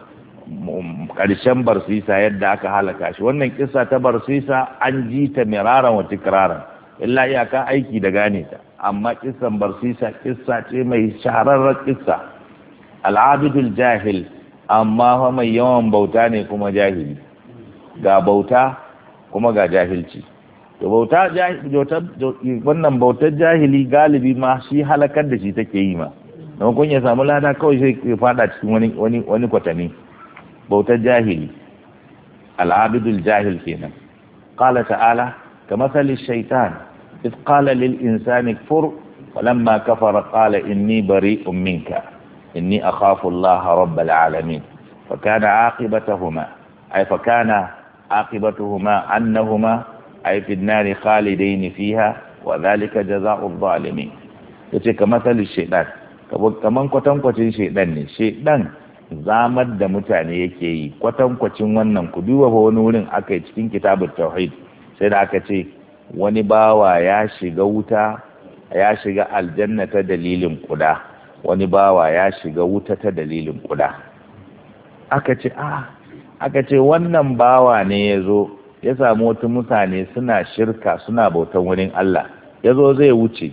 ƙarshen barsisa yadda aka halaka shi wannan kisa ta barsisa an ji ta miraran wata kiraran illa iyaka aiki da gane ta amma kisan barsisa kisa ce mai shahararren kisa al'abidul jahil amma fa mai yawan bauta ne kuma jahili ga bauta kuma ga jahilci wannan bautar jahili galibi ma shi halakar da shi take yi ma na kun ya samu lada kawai sai ya faɗa cikin wani wani kwatani bautar jahili al'abidul jahil kenan qala ta'ala kamathali shaytan id qala lil insani kfur falamma kafara qala inni bari'un minka inni akhafu allaha rabbal alamin fa kana aqibatuhuma ay fa kana عاقبتهما أنهما أي في النار خالدين فيها وذلك جزاء الظالمين yace ka masalin shaidan kaman kwatankwacin shaidan ne shaidan zamar da mutane yake yi kwatankwacin wannan ku duba fa wani wurin aka yi cikin kitabun tauhid sai da aka ce wani bawa ya shiga wuta ya shiga aljanna ta dalilin kuda wani bawa ya shiga wuta ta dalilin kuda aka ce a aka ce wannan bawa ne ya zo ya samu wata mutane suna shirka suna bautan wurin Allah ya zo zai wuce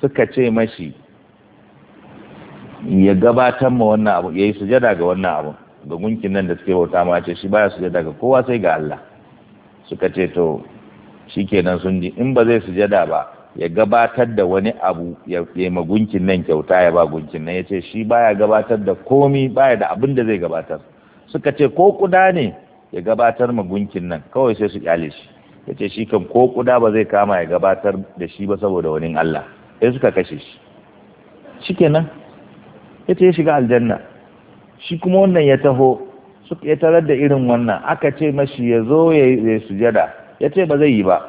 suka ce mashi ya gabatar ma wannan abu ya yi sujada ga wannan abu ga gunkin nan da suke bauta ma ce shi baya sujada ga kowa sai ga Allah suka ce to shi kenan sun ji in ba zai sujada ba ya gabatar da wani abu ya yi ma gunkin nan kyauta ya ba gunkin nan ya ce shi baya gabatar da komi baya da abin da zai gabatar suka ce ko kuda ne ya gabatar ma gunkin nan kawai sai su kyale shi ya ce shi kan ko kuda ba zai kama ya gabatar da shi ba saboda wani Allah sai suka kashe shi kenan ya ce ya shiga aljanna shi kuma wannan ya taho suka ya tarar da irin wannan aka ce mashi ya zo ya yi sujada ya ce ba zai yi ba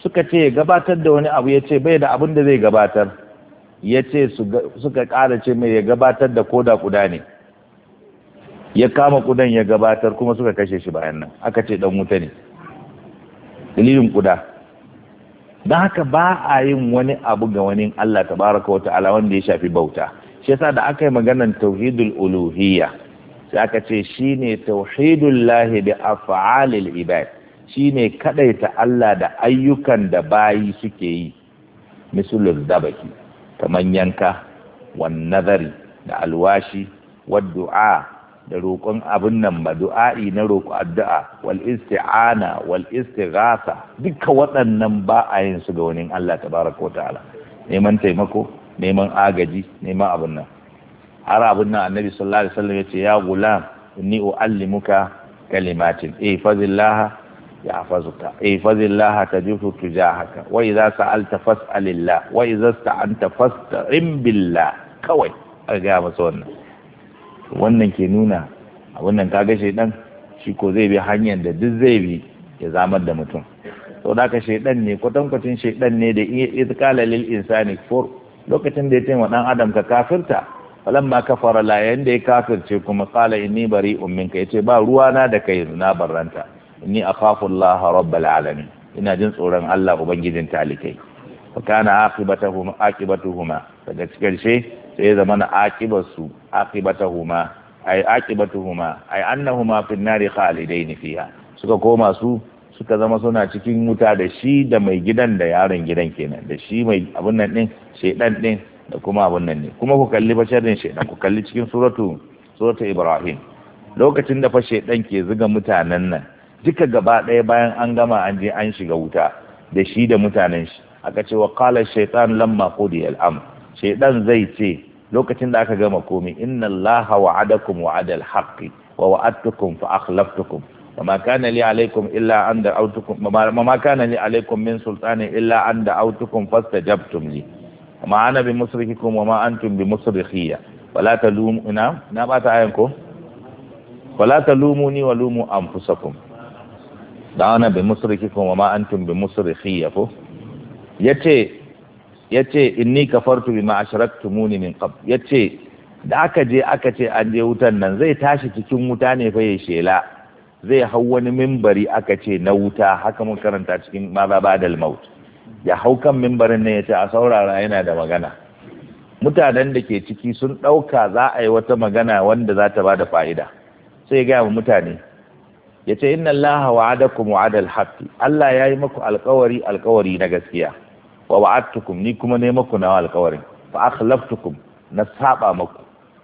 suka ce ya gabatar da wani abu ya ce bai da abin da zai gabatar ya ce suka ƙara ce mai ya gabatar da koda kuda ne ya kama kudan ya gabatar kuma suka kashe shi bayan nan aka ce dan wuta ne dalilin kuda don haka ba a yin wani abu ga wani Allah tabaraka wata ta'ala wanda ya shafi bauta shi yasa da aka yi maganar tauhidul uluhiyya sai aka ce shine tauhidul lahi bi af'alil ibad shine kadaita Allah da ayyukan da bayi suke yi misulul dabaki kamar yanka wan nazari da alwashi wad du'a da roƙon abin nan ba du'a'i na roƙo addu'a wal isti'ana wal istighasa duka waɗannan ba a yin su ga wani Allah tabaraka wa ta'ala neman taimako neman agaji neman abin nan har abin nan annabi sallallahu alaihi wasallam yace ya gulam inni uallimuka kalimatin eh fazillaha ya hafazuka eh fazillaha tajifu tujahaka wa idza sa'alta fas'alillah wa idza sta'anta fasta'in billah kawai a gaya masa wannan wannan ke nuna a wannan kaga shaidan shi ko zai bi hanyar da duk zai bi ya zamar da mutum sau da ka shaidan ne kwatankwacin shaidan ne da izkala lil insani for lokacin da ya ce wa dan adam ka kafirta ka fara layan da ya kafirce kuma bari ummin ka ya ce ba ruwa na da kai na barranta ni a Allah rabbal alamin ina jin tsoron Allah ubangijin talikai fa kana aqibatuhuma aqibatuhuma daga cikin sai zama na akibarsu akibatahuma ai aqibatuhuma ai annahuma fi nari khalidain fiha suka koma su suka zama suna cikin wuta da shi da mai gidan da yaron gidan kenan da shi mai abun nan din shedan din da kuma abun nan ne kuma ku kalli fa sharrin shedan ku kalli cikin suratu suratu ibrahim lokacin da fa shedan ke zuga mutanen nan duka gaba ɗaya bayan an gama an je an shiga wuta da shi da mutanen shi aka ce wa qala shaytan lamma qudiya al-amr shaydan zai ce lokacin da aka gama komai. inna allaha wa'adakum wa'adal haqqi wa wa'adtukum yace inni kafartu bima muni min qabl yace da aka je aka ce an je wutan nan zai tashi cikin wuta ne fa ya shela zai hau wani mimbari aka ce na wuta haka mun karanta cikin maza badal maut ya hau kan mimbarin ne ya ce a saurara yana da magana mutanen da ke ciki sun ɗauka za a yi wata magana wanda za ta ba da fa'ida sai gaya wa mutane ya ce inna allaha wa'adakum adal haqqi Allah ya yi maku alkawari alkawari na gaskiya wa wa'adtukum ni kuma ne maku na alƙawarin fa akhlaftukum na saba maku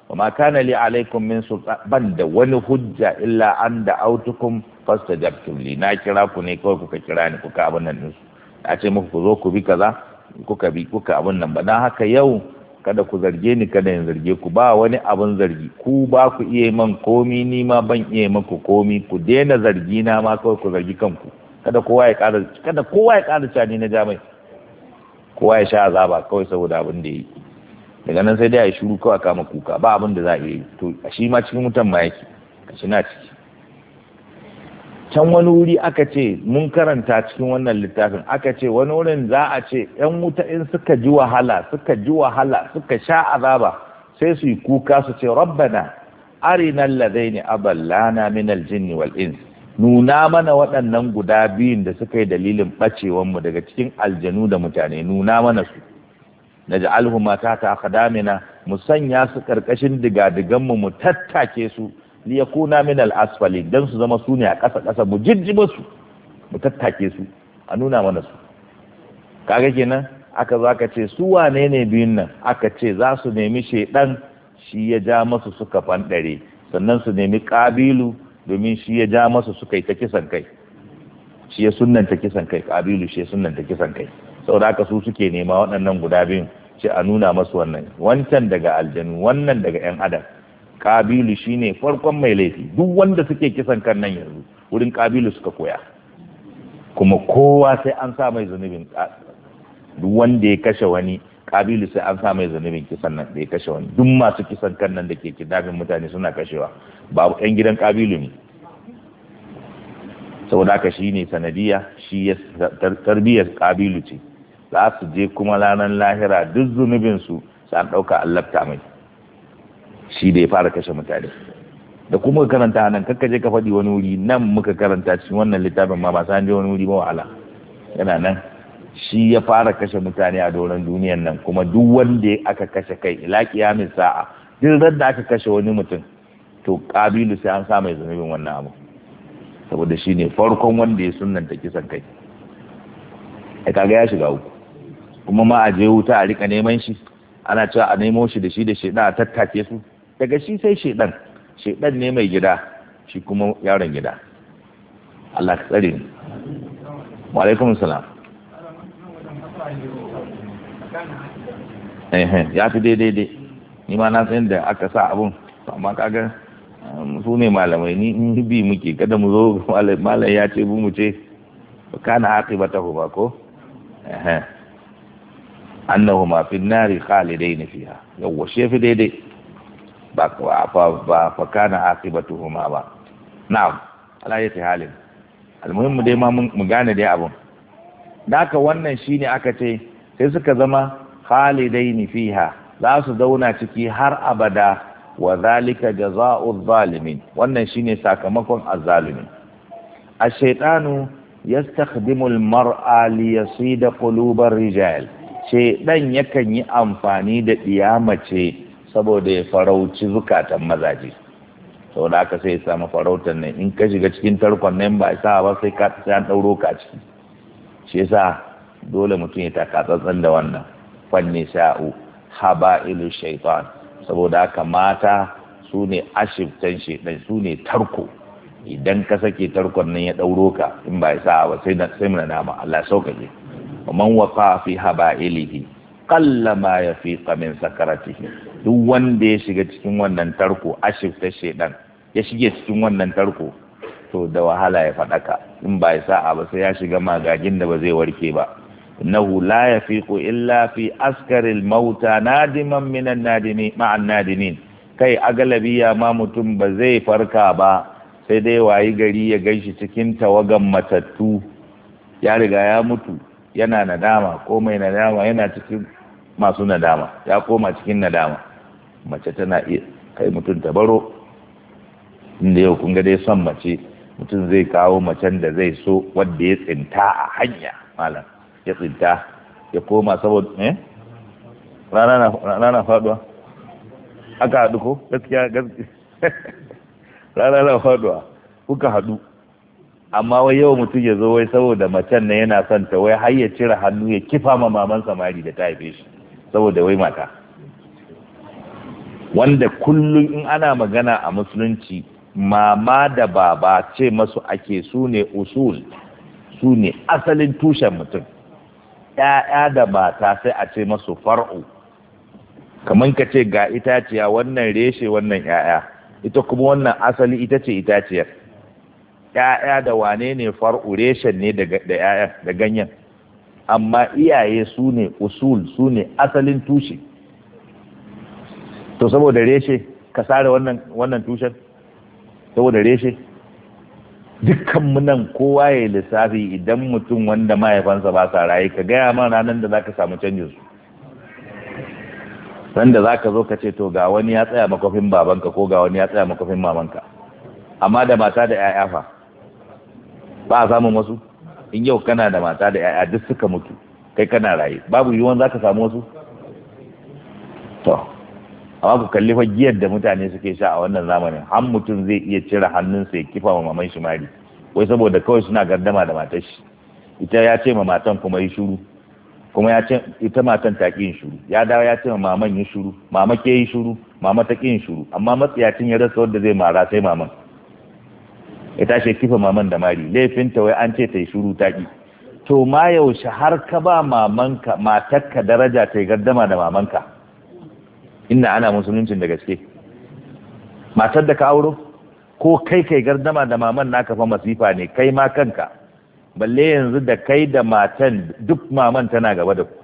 wa ma kana li alaikum min sulta ban da wani hujja illa an da autukum fastajabtum li na kira ku ne kawai kuka kira ni kuka abin nan dinsu a ce muku ku zo ku bi kaza kuka bi kuka abin nan ba dan haka yau kada ku zarge ni kada in zarge ku ba wani abin zargi ku ba ku iya man komi ni ma ban iya maku komi ku daina zargi na ma kawai ku zargi kanku kada kowa ya kada kowa ya kada cani na jamai kowa ya sha azaba kawai saboda abin da ya yi daga nan sai dai a shuru kawai kama kuka ba abin da za a yi to a shi ma cikin mutan ma yake shi na ciki can wani wuri aka ce mun karanta cikin wannan littafin aka ce wani wurin za a ce yan wuta in suka ji wahala suka ji wahala suka sha azaba sai su yi kuka su ce rabbana arinal ladaini aballana minal jinni wal insi nuna mana waɗannan guda biyun da suka yi dalilin ɓacewanmu daga cikin aljanu da mutane nuna mana su na ji alhuma ta akadamina mu sanya su ƙarƙashin digadiganmu mu tattake su li yakuna min al-asfali dan su zama su ne a ƙasa ƙasa mu jijjiba su mu tattake su a nuna mana su kaga kenan aka zo aka ce su wane ne biyun nan aka ce za su nemi shaidan shi ya ja masu suka fanɗare sannan su nemi ƙabilu domin shi ya ja masa suka yi ta kisan kai shi ya sunanta kisan kai kabilu shi ya sunanta kisan kai saboda haka su suke nema waɗannan guda biyun shi a nuna masu wannan wancan daga aljanu wannan daga yan adam kabilu shine farkon mai laifi duk wanda suke kisan kan nan yanzu wurin kabilu suka koya kuma kowa sai an sa mai zunubin duk wanda ya kashe wani kabilu sai an sa mai zanubin kisan nan da ya kashe wani duk masu kisan kan nan da ke kidafin mutane suna kashewa babu yan gidan kabilu ne saboda haka shi ne sanadiya shi ya tarbiyyar kabilu ce za su je kuma ranar lahira duk zunubin su an ɗauka allafta mai shi da ya fara kashe mutane da kuma karanta nan kakka je ka faɗi wani wuri nan muka karanta cikin wannan littafin ma ba san je wani wuri ba wahala yana nan shi ya fara kashe mutane a doron duniyan nan kuma duk wanda aka kashe kai ila kiyamin sa'a duk da aka kashe wani mutum to kabilu sai an sa mai zunubin wannan abu saboda shi ne farkon wanda ya sunanta kisan kai a kaga ya shiga uku kuma ma a je wuta a rika neman shi ana cewa a nemo shi da shi da shedan a tattace su daga shi sai shedan shedan ne mai gida shi kuma yaron gida Allah ka tsare ni wa alaikum salam ya fi daidai ni ma na san da aka sa abun amma kaga um, su ne malamai ni in bi muke kada mu zo malam ya ce bu mu ce kana haƙi ba tafi ba ko annahu ma fi nari khalidai na fiha yawwa shi fi daidai ba fa kana haƙi ba tuhuma ba na'am ala yati halin almuhimmu dai ma mu gane dai abun daka wannan shine aka ce sai suka zama khalidaini fiha za su zauna ciki har abada wa zalika jazaa'u zalimin wannan shine sakamakon azzalimi ash-shaytanu yastakhdimu al-mar'a li yasida qulub ar-rijal shaydan yakan yi amfani da mace saboda ya farauci zukatan mazaje saboda haka sai ya samu farautar nan in ka shiga cikin tarkon nan ba sa ba sai ka an ɗauro ka ciki shi yasa dole mutum ya taka tsantsan da wannan fanni sha'u haba'ilu shaitan saboda haka mata su ne ashiftan shaitan su ne tarko idan ka sake tarkon nan ya ɗauro ka in ba ya sa ba sai sai mana nama Allah saukake man waqa fi haba'ilihi qalla ma yafiqa min sakaratihi duk wanda ya shiga cikin wannan tarko ashiftan shaitan ya shige cikin wannan tarko to da wahala ya faɗaka in ba ya a ba sai ya shiga magagin da ba zai warke ba innahu la yafiqu illa fi askaril mauta nadiman minan nadimi ma'an nadimin kai a ya ma mutum ba zai farka ba sai dai wayi gari ya ganshi cikin tawagan matattu ya riga ya mutu yana nadama ko mai nadama yana cikin masu nadama ya koma cikin nadama mace tana iya kai mutum ta baro inda yau kun ga dai son mace mutum zai kawo macen da zai so wadda ya tsinta a hanya malam ya tsinta ya koma saboda ne eh? rana faduwa aka haɗu ko gaskiya gaskiya rana na faduwa kuka haɗu amma wai yau mutum ya zo wai saboda macen na yana son ta wai har ya cire hannu ya kifa ma maman samari da ta haife shi saboda wai mata wanda kullum in ana magana a musulunci mama da baba ce masu ake su ne usul su ne asalin tushen mutum ‘ya'ya da mata sai a ce masu far'u kamar ka ce ga itaciya wannan reshe wannan ‘ya'ya ita kuma wannan asali ita ce itaciyar ‘ya'ya da wane ne far'u reshen ne da ‘ya'yan da ganyen amma iyaye su ne usul su ne asalin tushe to saboda reshe ka sare wannan tushen saboda reshe dukkan munan kowa ya lissafi idan mutum wanda mahaifansa ba sa rayu ka gaya man ranar da zaka samu canjin su sanda zaka zo ka ce to ga wani ya tsaya makofin babanka ko ga wani ya tsaya makofin mamanka amma da mata da 'ya'ya fa ba a samun wasu in yau kana da mata da 'ya'ya duk suka mutu kai kana rayu? babu yiwuwan zaka samu wasu to amma ku kalli fa giyar da mutane suke sha a wannan zamanin har mutum zai iya cire hannunsa ya kifa wa maman shi mari wai saboda kawai suna gardama da matar shi ita ya ce ma matan kuma yi shuru kuma ya ce ita matan ta yin shuru ya dawo ya ce ma maman yi shuru mama ke yi shuru mama ta yin shuru amma matsiyacin ya rasa wanda zai mara sai maman ya tashi kifa maman da mari laifinta wai an ce ta yi shuru ta ki to ma yaushe har ka ba mamanka matakka daraja ta yi gardama da mamanka inda ana musuluncin da gaske matar da ka auro ko kai kai gardama da maman naka fa masifa ne kai ma kanka balle yanzu da kai da matan duk maman tana gaba da ku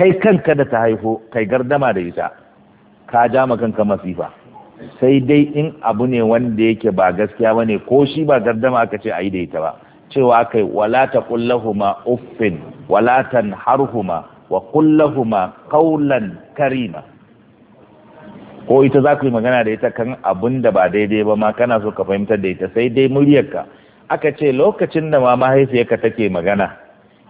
kai kanka da ta haifo kai gardama da ita ka ja ma kanka masifa sai dai in abu ne wanda yake ba gaskiya ba ne ko shi ba gardama aka ce a yi da ita ba cewa kai wala ta kullahuma uffin wala tanharhuma wa kullahuma qawlan karima ko ita za ku yi magana da ita kan abin da ba daidai ba ma kana so ka fahimtar da ita sai dai muryarka aka ce lokacin da ma mahaifiyarka take magana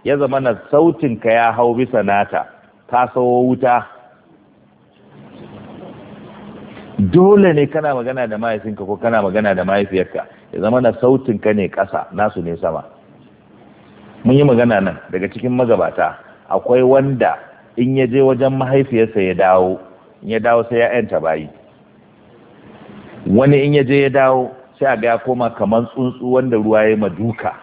ya zama na sautinka ya hau bisa nata ta sawo wuta dole ne kana magana da mahaifinka ko kana magana da mahaifiyarka ya zama na sautinka ne ƙasa nasu ne sama mun yi magana nan daga cikin magabata akwai wanda in ya je wajen mahaifiyarsa ya dawo in ya dawo sai ya yanta bayi wani in ya je ya dawo sai a ga ya koma kamar tsuntsu wanda ruwa ya maduka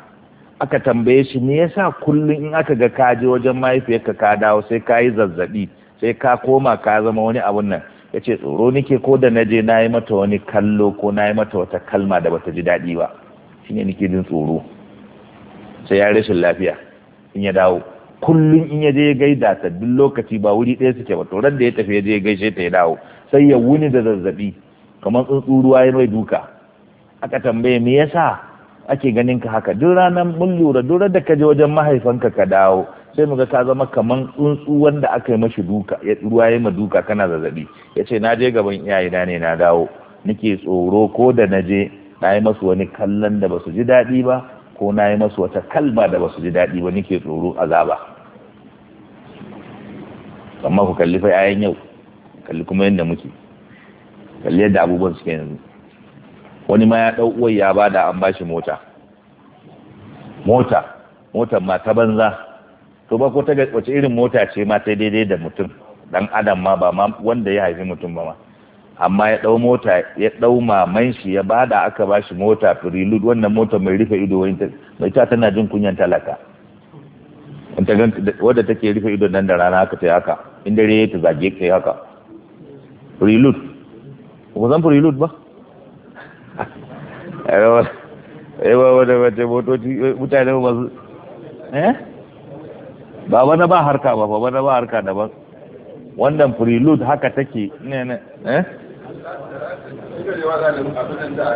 aka tambaye shi me yasa kullum in aka ga ka je wajen mahaifiyarka ka dawo sai ka yi zazzabi sai ka koma ka zama wani abun nan yace tsoro nake ko da naje nayi mata wani kallo ko nayi mata wata kalma da bata ji daɗi ba shine nake jin tsoro sai ya rashin lafiya in ya dawo kullum in ya je ya gaida ta duk lokaci ba wuri ɗaya suke ba to da ya tafi ya je gaishe ta ya dawo sai ya wuni da zazzabi kamar tsuntsu ruwa ya mai duka aka tambaye me yasa ake ganin ka haka duk ranar mun lura duk da ka je wajen mahaifanka ka dawo sai mu ga ka zama kamar tsuntsu wanda aka yi mashi duka ya ruwa ya ma duka kana zazzabi ya ce na je gaban iyaye iyayena ne na dawo nake tsoro ko da na je na yi masu wani kallon da ba su ji daɗi ba ko na yi masu wata kalma da ba su ji daɗi ba nake tsoro azaba amma ku kalli fa yayan yau kalli kuma yadda muke kalli yadda abubuwan suke yanzu wani ma ya dau uwai ya bada an bashi mota mota mota ma ta banza to ba ko ta wace irin mota ce ma ta daidai da mutum dan adam ma ba ma wanda ya haifi mutum ba ma amma ya dau mota ya dau maman shi ya bada aka ba shi mota prelude wannan mota mai rufe ido wani mai ta tana jin kunyan talaka wadda take rufe ido nan da rana aka ta haka in dare ya zage kai haka prelude ba san prelude ba yawa wadda wace motoci mutane masu eh ba wadda ba harka ba ba wani ba harka daban wannan prelude haka take ne ne eh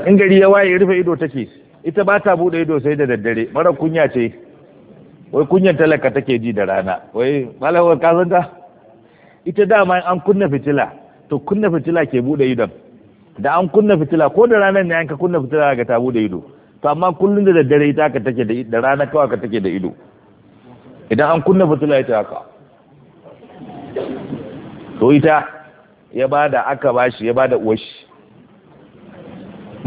in gari ya waye rufe ido take ita ba ta bude ido sai da daddare mara kunya ce wai kunyan talaka take ji da rana wai malawar kasanta ita dama an kunna fitila to kunna fitila ke bude idon da an kunna fitila ko da ranar ne an ka kunna fitila ga ta bude ido to amma kullum da daddare ita ka take da da ranar kawai ka take da ido idan an kunna fitila ita haka to ita ya bada aka bashi ya bada uwashi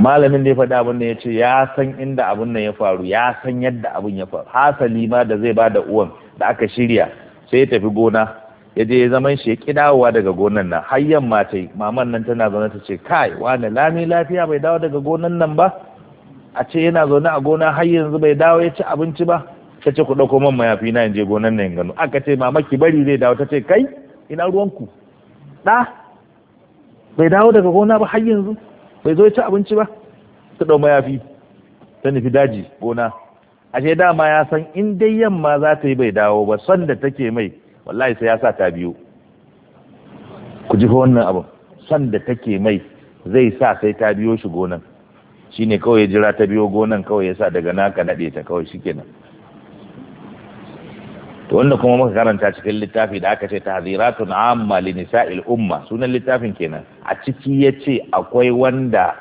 malamin da ya faɗa abin nan ya ce ya san inda abin nan ya faru ya san yadda abin ya faru hasali ma da zai bada uwan da aka shirya sai ya tafi gona ya je ya zaman shi ya ki dawowa daga gonan nan har yamma ta maman nan tana zaune ta ce kai wani lami lafiya bai dawo daga gonan nan ba a ce yana zaune a gona har yanzu bai dawo ya ci abinci ba ta ce ku ɗauko man mayafi na in je gonan nan gano aka ce mama ki bari zai dawo ta ce kai ina ruwanku ɗa bai dawo daga gona ba har yanzu bai zo ya ci abinci ba ta ɗau mayafi ta nufi daji gona a ce dama ya san in dai yamma za ta yi bai dawo ba son da take mai wallahi sai ya sa ta biyo. ku ji fa wannan abu san da take mai zai sa sai ta biyo shi gonan shine kawai ya jira ta biyo gonan kawai ya sa daga naka naɗe ta kawai shikenan to wanda kuma muka karanta cikin littafi da aka ce tahziratun amma li nisa'il umma sunan littafin kenan a ciki yace akwai wanda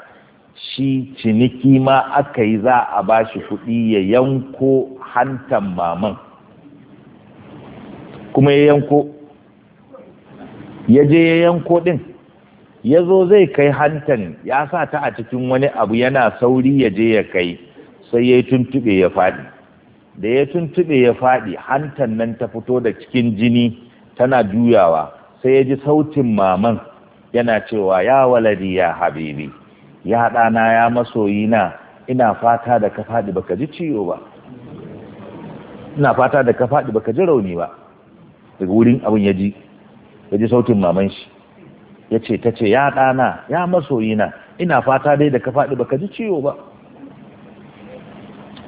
shi ciniki ma aka yi za a bashi kuɗi ya yanko hantan maman kuma ya yanko ya je ya yanko din ya zo zai kai hantan ya sa ta a cikin wani abu yana sauri ya je ya kai sai ya yi ya faɗi da ya tuntube ya faɗi hantan nan ta fito da cikin jini tana juyawa sai ya ji sautin maman yana cewa ya waladi ya habibi ya ɗana ya masoyi na ina fata da ka faɗi baka ji ciwo ba ina fata da ka faɗi baka ji rauni ba daga wurin abin ya ji ya ji sautin maman shi ya ce ta ce ya ɗana ya masoyina ina fata dai da ka faɗi baka ji ciwo ba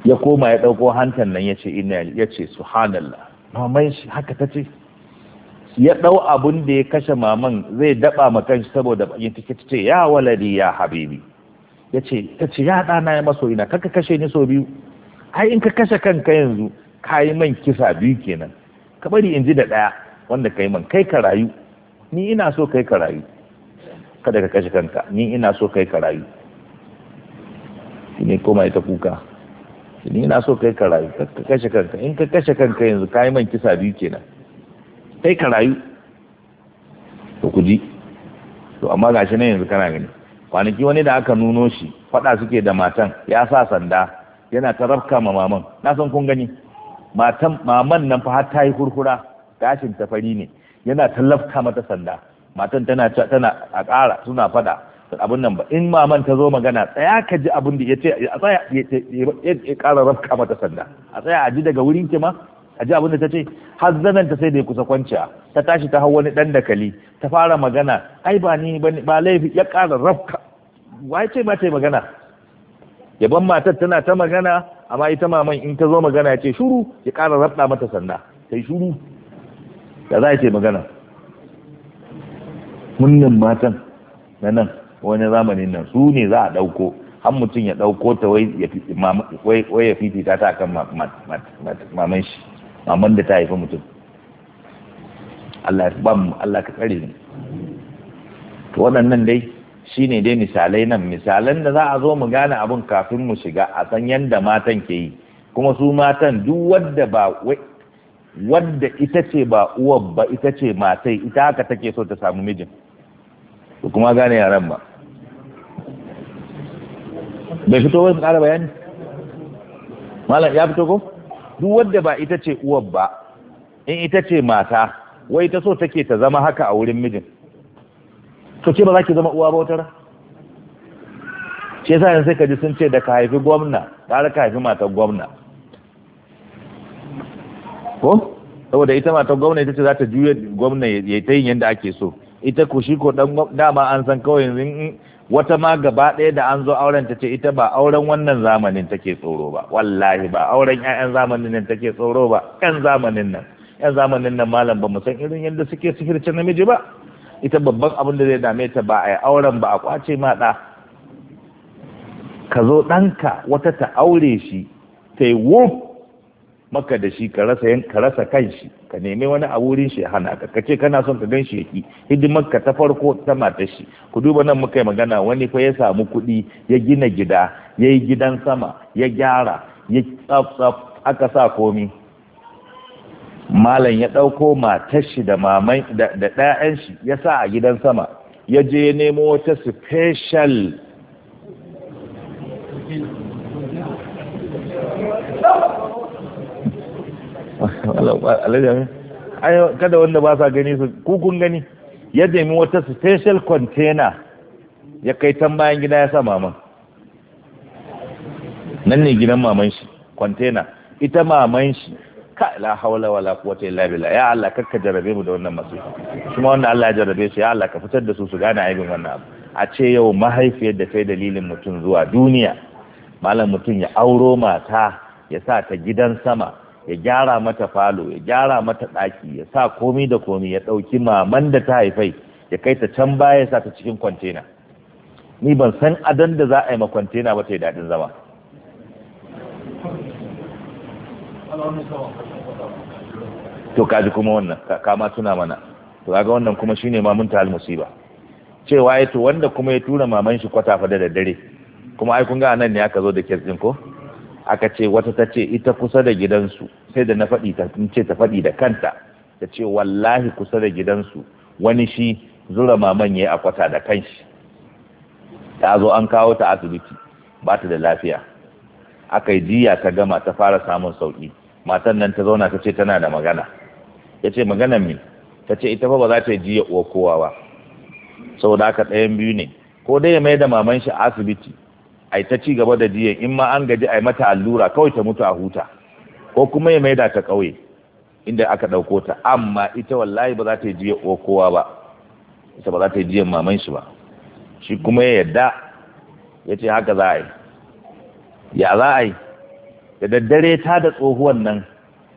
ya koma ya ɗauko hantan nan ya ce ina ya ce subhanallah maman shi haka ta ce ya ɗau abun da ya kashe maman zai daɓa ma kanshi saboda bakin ta ce ya waladi ya habibi ya ce ta ce ya ɗana ya masoyina kaka kashe ni sau biyu ai in ka kashe kanka yanzu ka yi man kisa biyu kenan ka bari in ji da ɗaya wanda ka yi man kai ka rayu ni ina so kai ka rayu kada ka kashe kanka ni ina so kai ka rayu ne koma ita kuka ni ina so kai ka rayu ka kashe kanka in ka kashe kanka yanzu ka yi man kisa biyu kenan kai ka rayu to ku ji to amma gashi nan yanzu kana gani kwanaki wani da aka nuno shi faɗa suke da matan ya sa sanda yana ta rafka ma maman na san kun gani matan maman nan fa har ta yi kurkura gashin ta fari ne yana tallafta mata sanda matan tana tana a ƙara suna fada abin nan ba in maman ta zo magana tsaya ka ji abin da ya ce a tsaya ya ƙara rafka mata sanda a tsaya a ji daga wurin ki ma a ji abin da ta ce har zanan ta sai da ya kusa kwanciya ta tashi ta hau wani dan dakali ta fara magana ai ba ni ba laifi ya ƙara rafka wai ce ma ta magana yaban matar tana ta magana amma ita maman in ta zo magana ce shuru ya kara rabda mata sanda sai shuru da za a ce magana munnan matan na nan wani zamanin nan su ne za a ɗauko har mutum ya ɗauko ta wai ya fiti ta kan maman shi maman da ta haifi mutum Allah ya ba mu Allah ka tsare ni to waɗannan dai Shi ne dai misalai nan misalan da za a zo mu gane abin kafin mu shiga a san yadda matan ke yi kuma su matan duk wadda ba wadda ita ce ba uwar ba ita ce matai ita haka take so ta samu mijin to kuma gane yaran ba bai fito wani kara bayani malam ya fito ko duk wadda ba ita ce uwar ba in ita ce mata wai ta so take ta zama haka a wurin mijin to ce ba za ki zama uwa ba wutar ce sa yin sai ka ji sun ce da ka haifi gwamna tare ka haifi matar gwamna ko saboda ita matar gwamna ita ce za ta juya gwamna ya ta yin yadda ake so ita ko shi ko dan dama an san kawai yanzu wata ma gaba ɗaya da an zo auren ta ce ita ba auren wannan zamanin take tsoro ba wallahi ba auren 'ya'yan zamanin nan take tsoro ba Yan zamanin nan yan zamanin nan malam ba mu san irin yadda suke sihirce namiji ba ita babban abin da zai dame ta ba a yi auren ba a kwace ma ɗa ka zo ɗanka wata ta aure shi ta yi wuf maka da shi ka rasa ka rasa kanshi ka nemi wani a wurin shi hana ka kace kana son ka gan shi yaki hidimar ka ta farko ta mata shi ku duba nan muka yi magana wani fa ya samu kuɗi ya gina gida ya yi gidan sama ya gyara ya tsaf tsaf aka sa komi malam ya ɗauko matashi da mamai da ɗayan shi ya sa a gidan sama ya je ya nemo wata special kada wanda ba sa gani su kukun gani ya nemi wata special container ya kai tan bayan gida ya sa maman nan ne gidan maman shi container ita maman shi ka la hawla wala quwwata illa billah ya Allah kakka jarabe mu da wannan masifa kuma wannan Allah ya jarabe su ya Allah ka fitar da su su gane aibin wannan abu a ce yau mahaifiyar da kai dalilin mutum zuwa duniya malam mutum ya auro mata ya sa ta gidan sama ya gyara mata falo ya gyara mata ɗaki ya sa komi da komi ya ɗauki maman da ta haifai ya kai ta can baya ya sa ta cikin kwantena ni ban san adan da za a yi ma kwantena ba ta yi daɗin zama to kaji kuma wannan kama tuna mana to kaga wannan kuma shine ma mun ta musiba cewa ya to wanda kuma ya tura maman shi kwata fa da daddare kuma ai kun ga nan ne aka zo da kes din ko aka ce wata ta ce ita kusa da gidansu sai da na faɗi ta ce ta faɗi da kanta ta ce wallahi kusa da gidansu wani shi zura maman ya a kwata da kanshi ta zo an kawo ta asibiti ba ta da lafiya aka yi jiya ta gama ta fara samun sauki matan nan ta zauna ta ce tana da magana ya ce maganan mi ta ce ita fa ba za ta ji ya uwa kowa ba saboda haka ɗayan biyu ne ko dai ya mai da maman shi asibiti a ta ci gaba da jiyan in ma an gaji a yi mata allura kawai ta mutu a huta ko kuma ya mai da ta ƙauye inda aka ɗauko ta amma ita wallahi ba za ta ji ya uwa kowa ba ita ba za ta jiyan maman shi ba shi kuma ya yadda ya ce haka za a yi ya za a yi da daddare ta da tsohuwan nan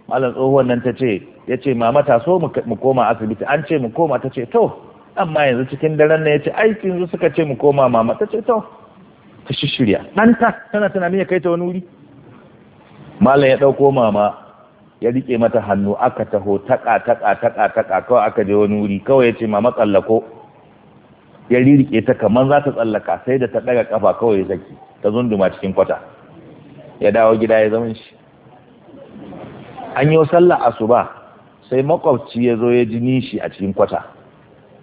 malam tsohuwan nan ta ce ya ce mama ta so mu koma asibiti an ce mu koma ta ce to amma yanzu cikin daren nan ya ce aiki yanzu suka ce mu koma mama ta ce to ta shishirya ɗanta tana tunanin ya kai ta wani wuri malam ya ɗauko mama ya rike mata hannu aka taho taƙa-taƙa-taƙa-taƙa, kawai aka je wani wuri kawai ya ce mama tsallako ya ririke ta kamar za ta tsallaka sai da ta ɗaga kafa kawai ya saki ta zunduma cikin kwata ya dawo gida ya zama shi an yi sallah asuba sai makwabci ya zo ya ji nishi a cikin kwata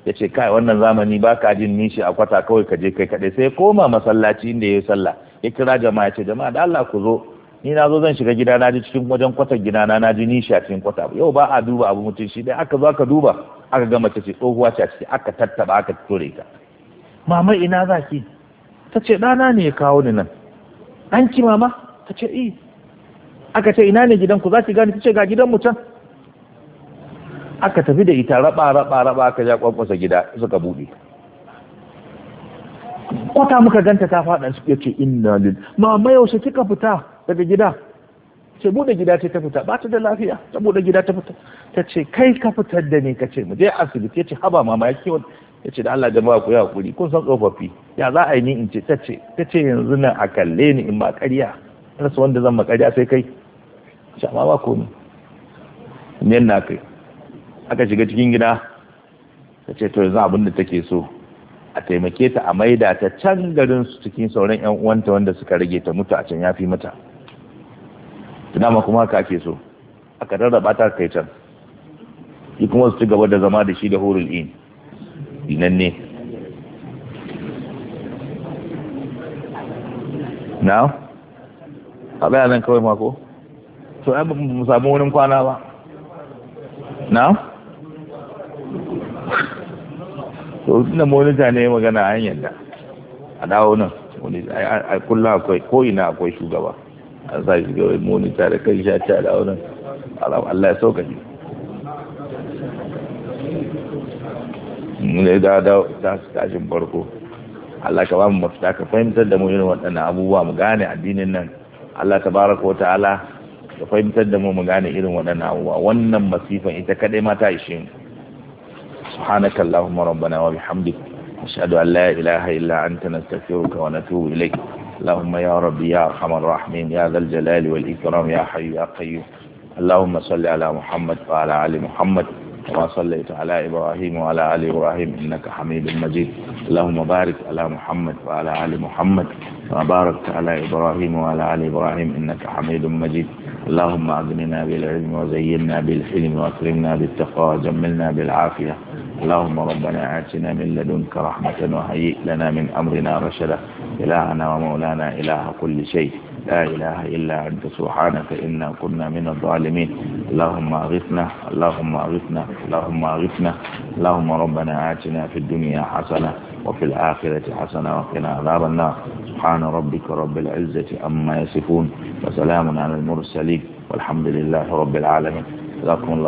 ya ce kai wannan zamani ba ka jin nishi a kwata kawai ka je kai kaɗai sai koma masallaci inda ya yi sallah ya kira jama'a ya ce jama'a da Allah ku zo ni na zo zan shiga gida na ji cikin wajen kwata gida na na ji nishi a cikin kwata yau ba a duba abu mutum shi dai aka zo aka duba aka ga mace ce tsohuwa ce a ciki aka tattaba aka tore ta mama ina zaki ta ce ɗana ne ya kawo ni nan an ci mama ta ce i eh. aka ce ina ne gidanku za ki gane ce ga gidan can aka tafi da ita raba raba raba aka ja kwakwasa gida suka buɗe kwata muka ganta ta faɗa su ya ce inna lil mama yaushe kika fita daga gida ce buɗe gida ce ta fita ba ta da lafiya ta buɗe gida ta fita ta ce kai ka fitar da ni ka ce mu je asibiti ya ce haba mama ya kiwon ya ce da Allah jama'a ku yi hakuri kun san tsofaffi ya za a yi ni in ce ta ce ta ce yanzu nan a kalle ni in ma ƙarya rasu wanda zan makariya sai kai shama ba komi miyan na kai aka shiga cikin gida ta ce to yanzu abin da take so a taimake ta a maida ta can garin su cikin sauran yan uwanta wanda suka rage ta mutu a can ya fi mata ma kuma haka ake so aka rarraba ta kai can shi kuma su ci gaba da zama da shi da hurul in dinan ne now a tsaya nan kawai mako to ai mu samu wurin kwana ba na to tunda monita ne magana a hanyar da a dawo nan a kullum akwai ko'ina akwai shugaba a sa shugaba monita da kai sha ta dawo nan Allah ya sauka ji ne da da tashin farko Allah ka ba mu mafita ka fahimtar da mu irin waɗannan abubuwa mu gane addinin nan Allah tabaraka wa ta'ala ya fahimtar da mu mu gane irin waɗannan abubuwa wannan masifan ita kadai ma ta ishe mu subhanaka allahumma rabbana wa bihamdik ashhadu an la ilaha illa anta nastaghfiruka wa natubu ilayk اللهم يا ربي يا ارحم الراحمين يا ذا الجلال والاكرام يا حي يا قيوم اللهم صل على محمد وعلى ال محمد كما صليت على إبراهيم وعلى آل إبراهيم إنك حميد مجيد اللهم بارك على محمد وعلى آل محمد كما باركت على إبراهيم وعلى آل إبراهيم إنك حميد مجيد اللهم أغننا بالعلم وزينا بالحلم وأكرمنا بالتقوى وجملنا بالعافية اللهم ربنا آتنا من لدنك رحمة وهيئ لنا من أمرنا رشدا إلهنا ومولانا إله كل شيء لا إله إلا أنت سبحانك إنا كنا من الظالمين اللهم أغثنا اللهم أغثنا اللهم أغثنا اللهم ربنا آتنا في الدنيا حسنة وفي الآخرة حسنة وقنا عذاب النار سبحان ربك رب العزة أما يصفون وسلام على المرسلين والحمد لله رب العالمين جزاكم الله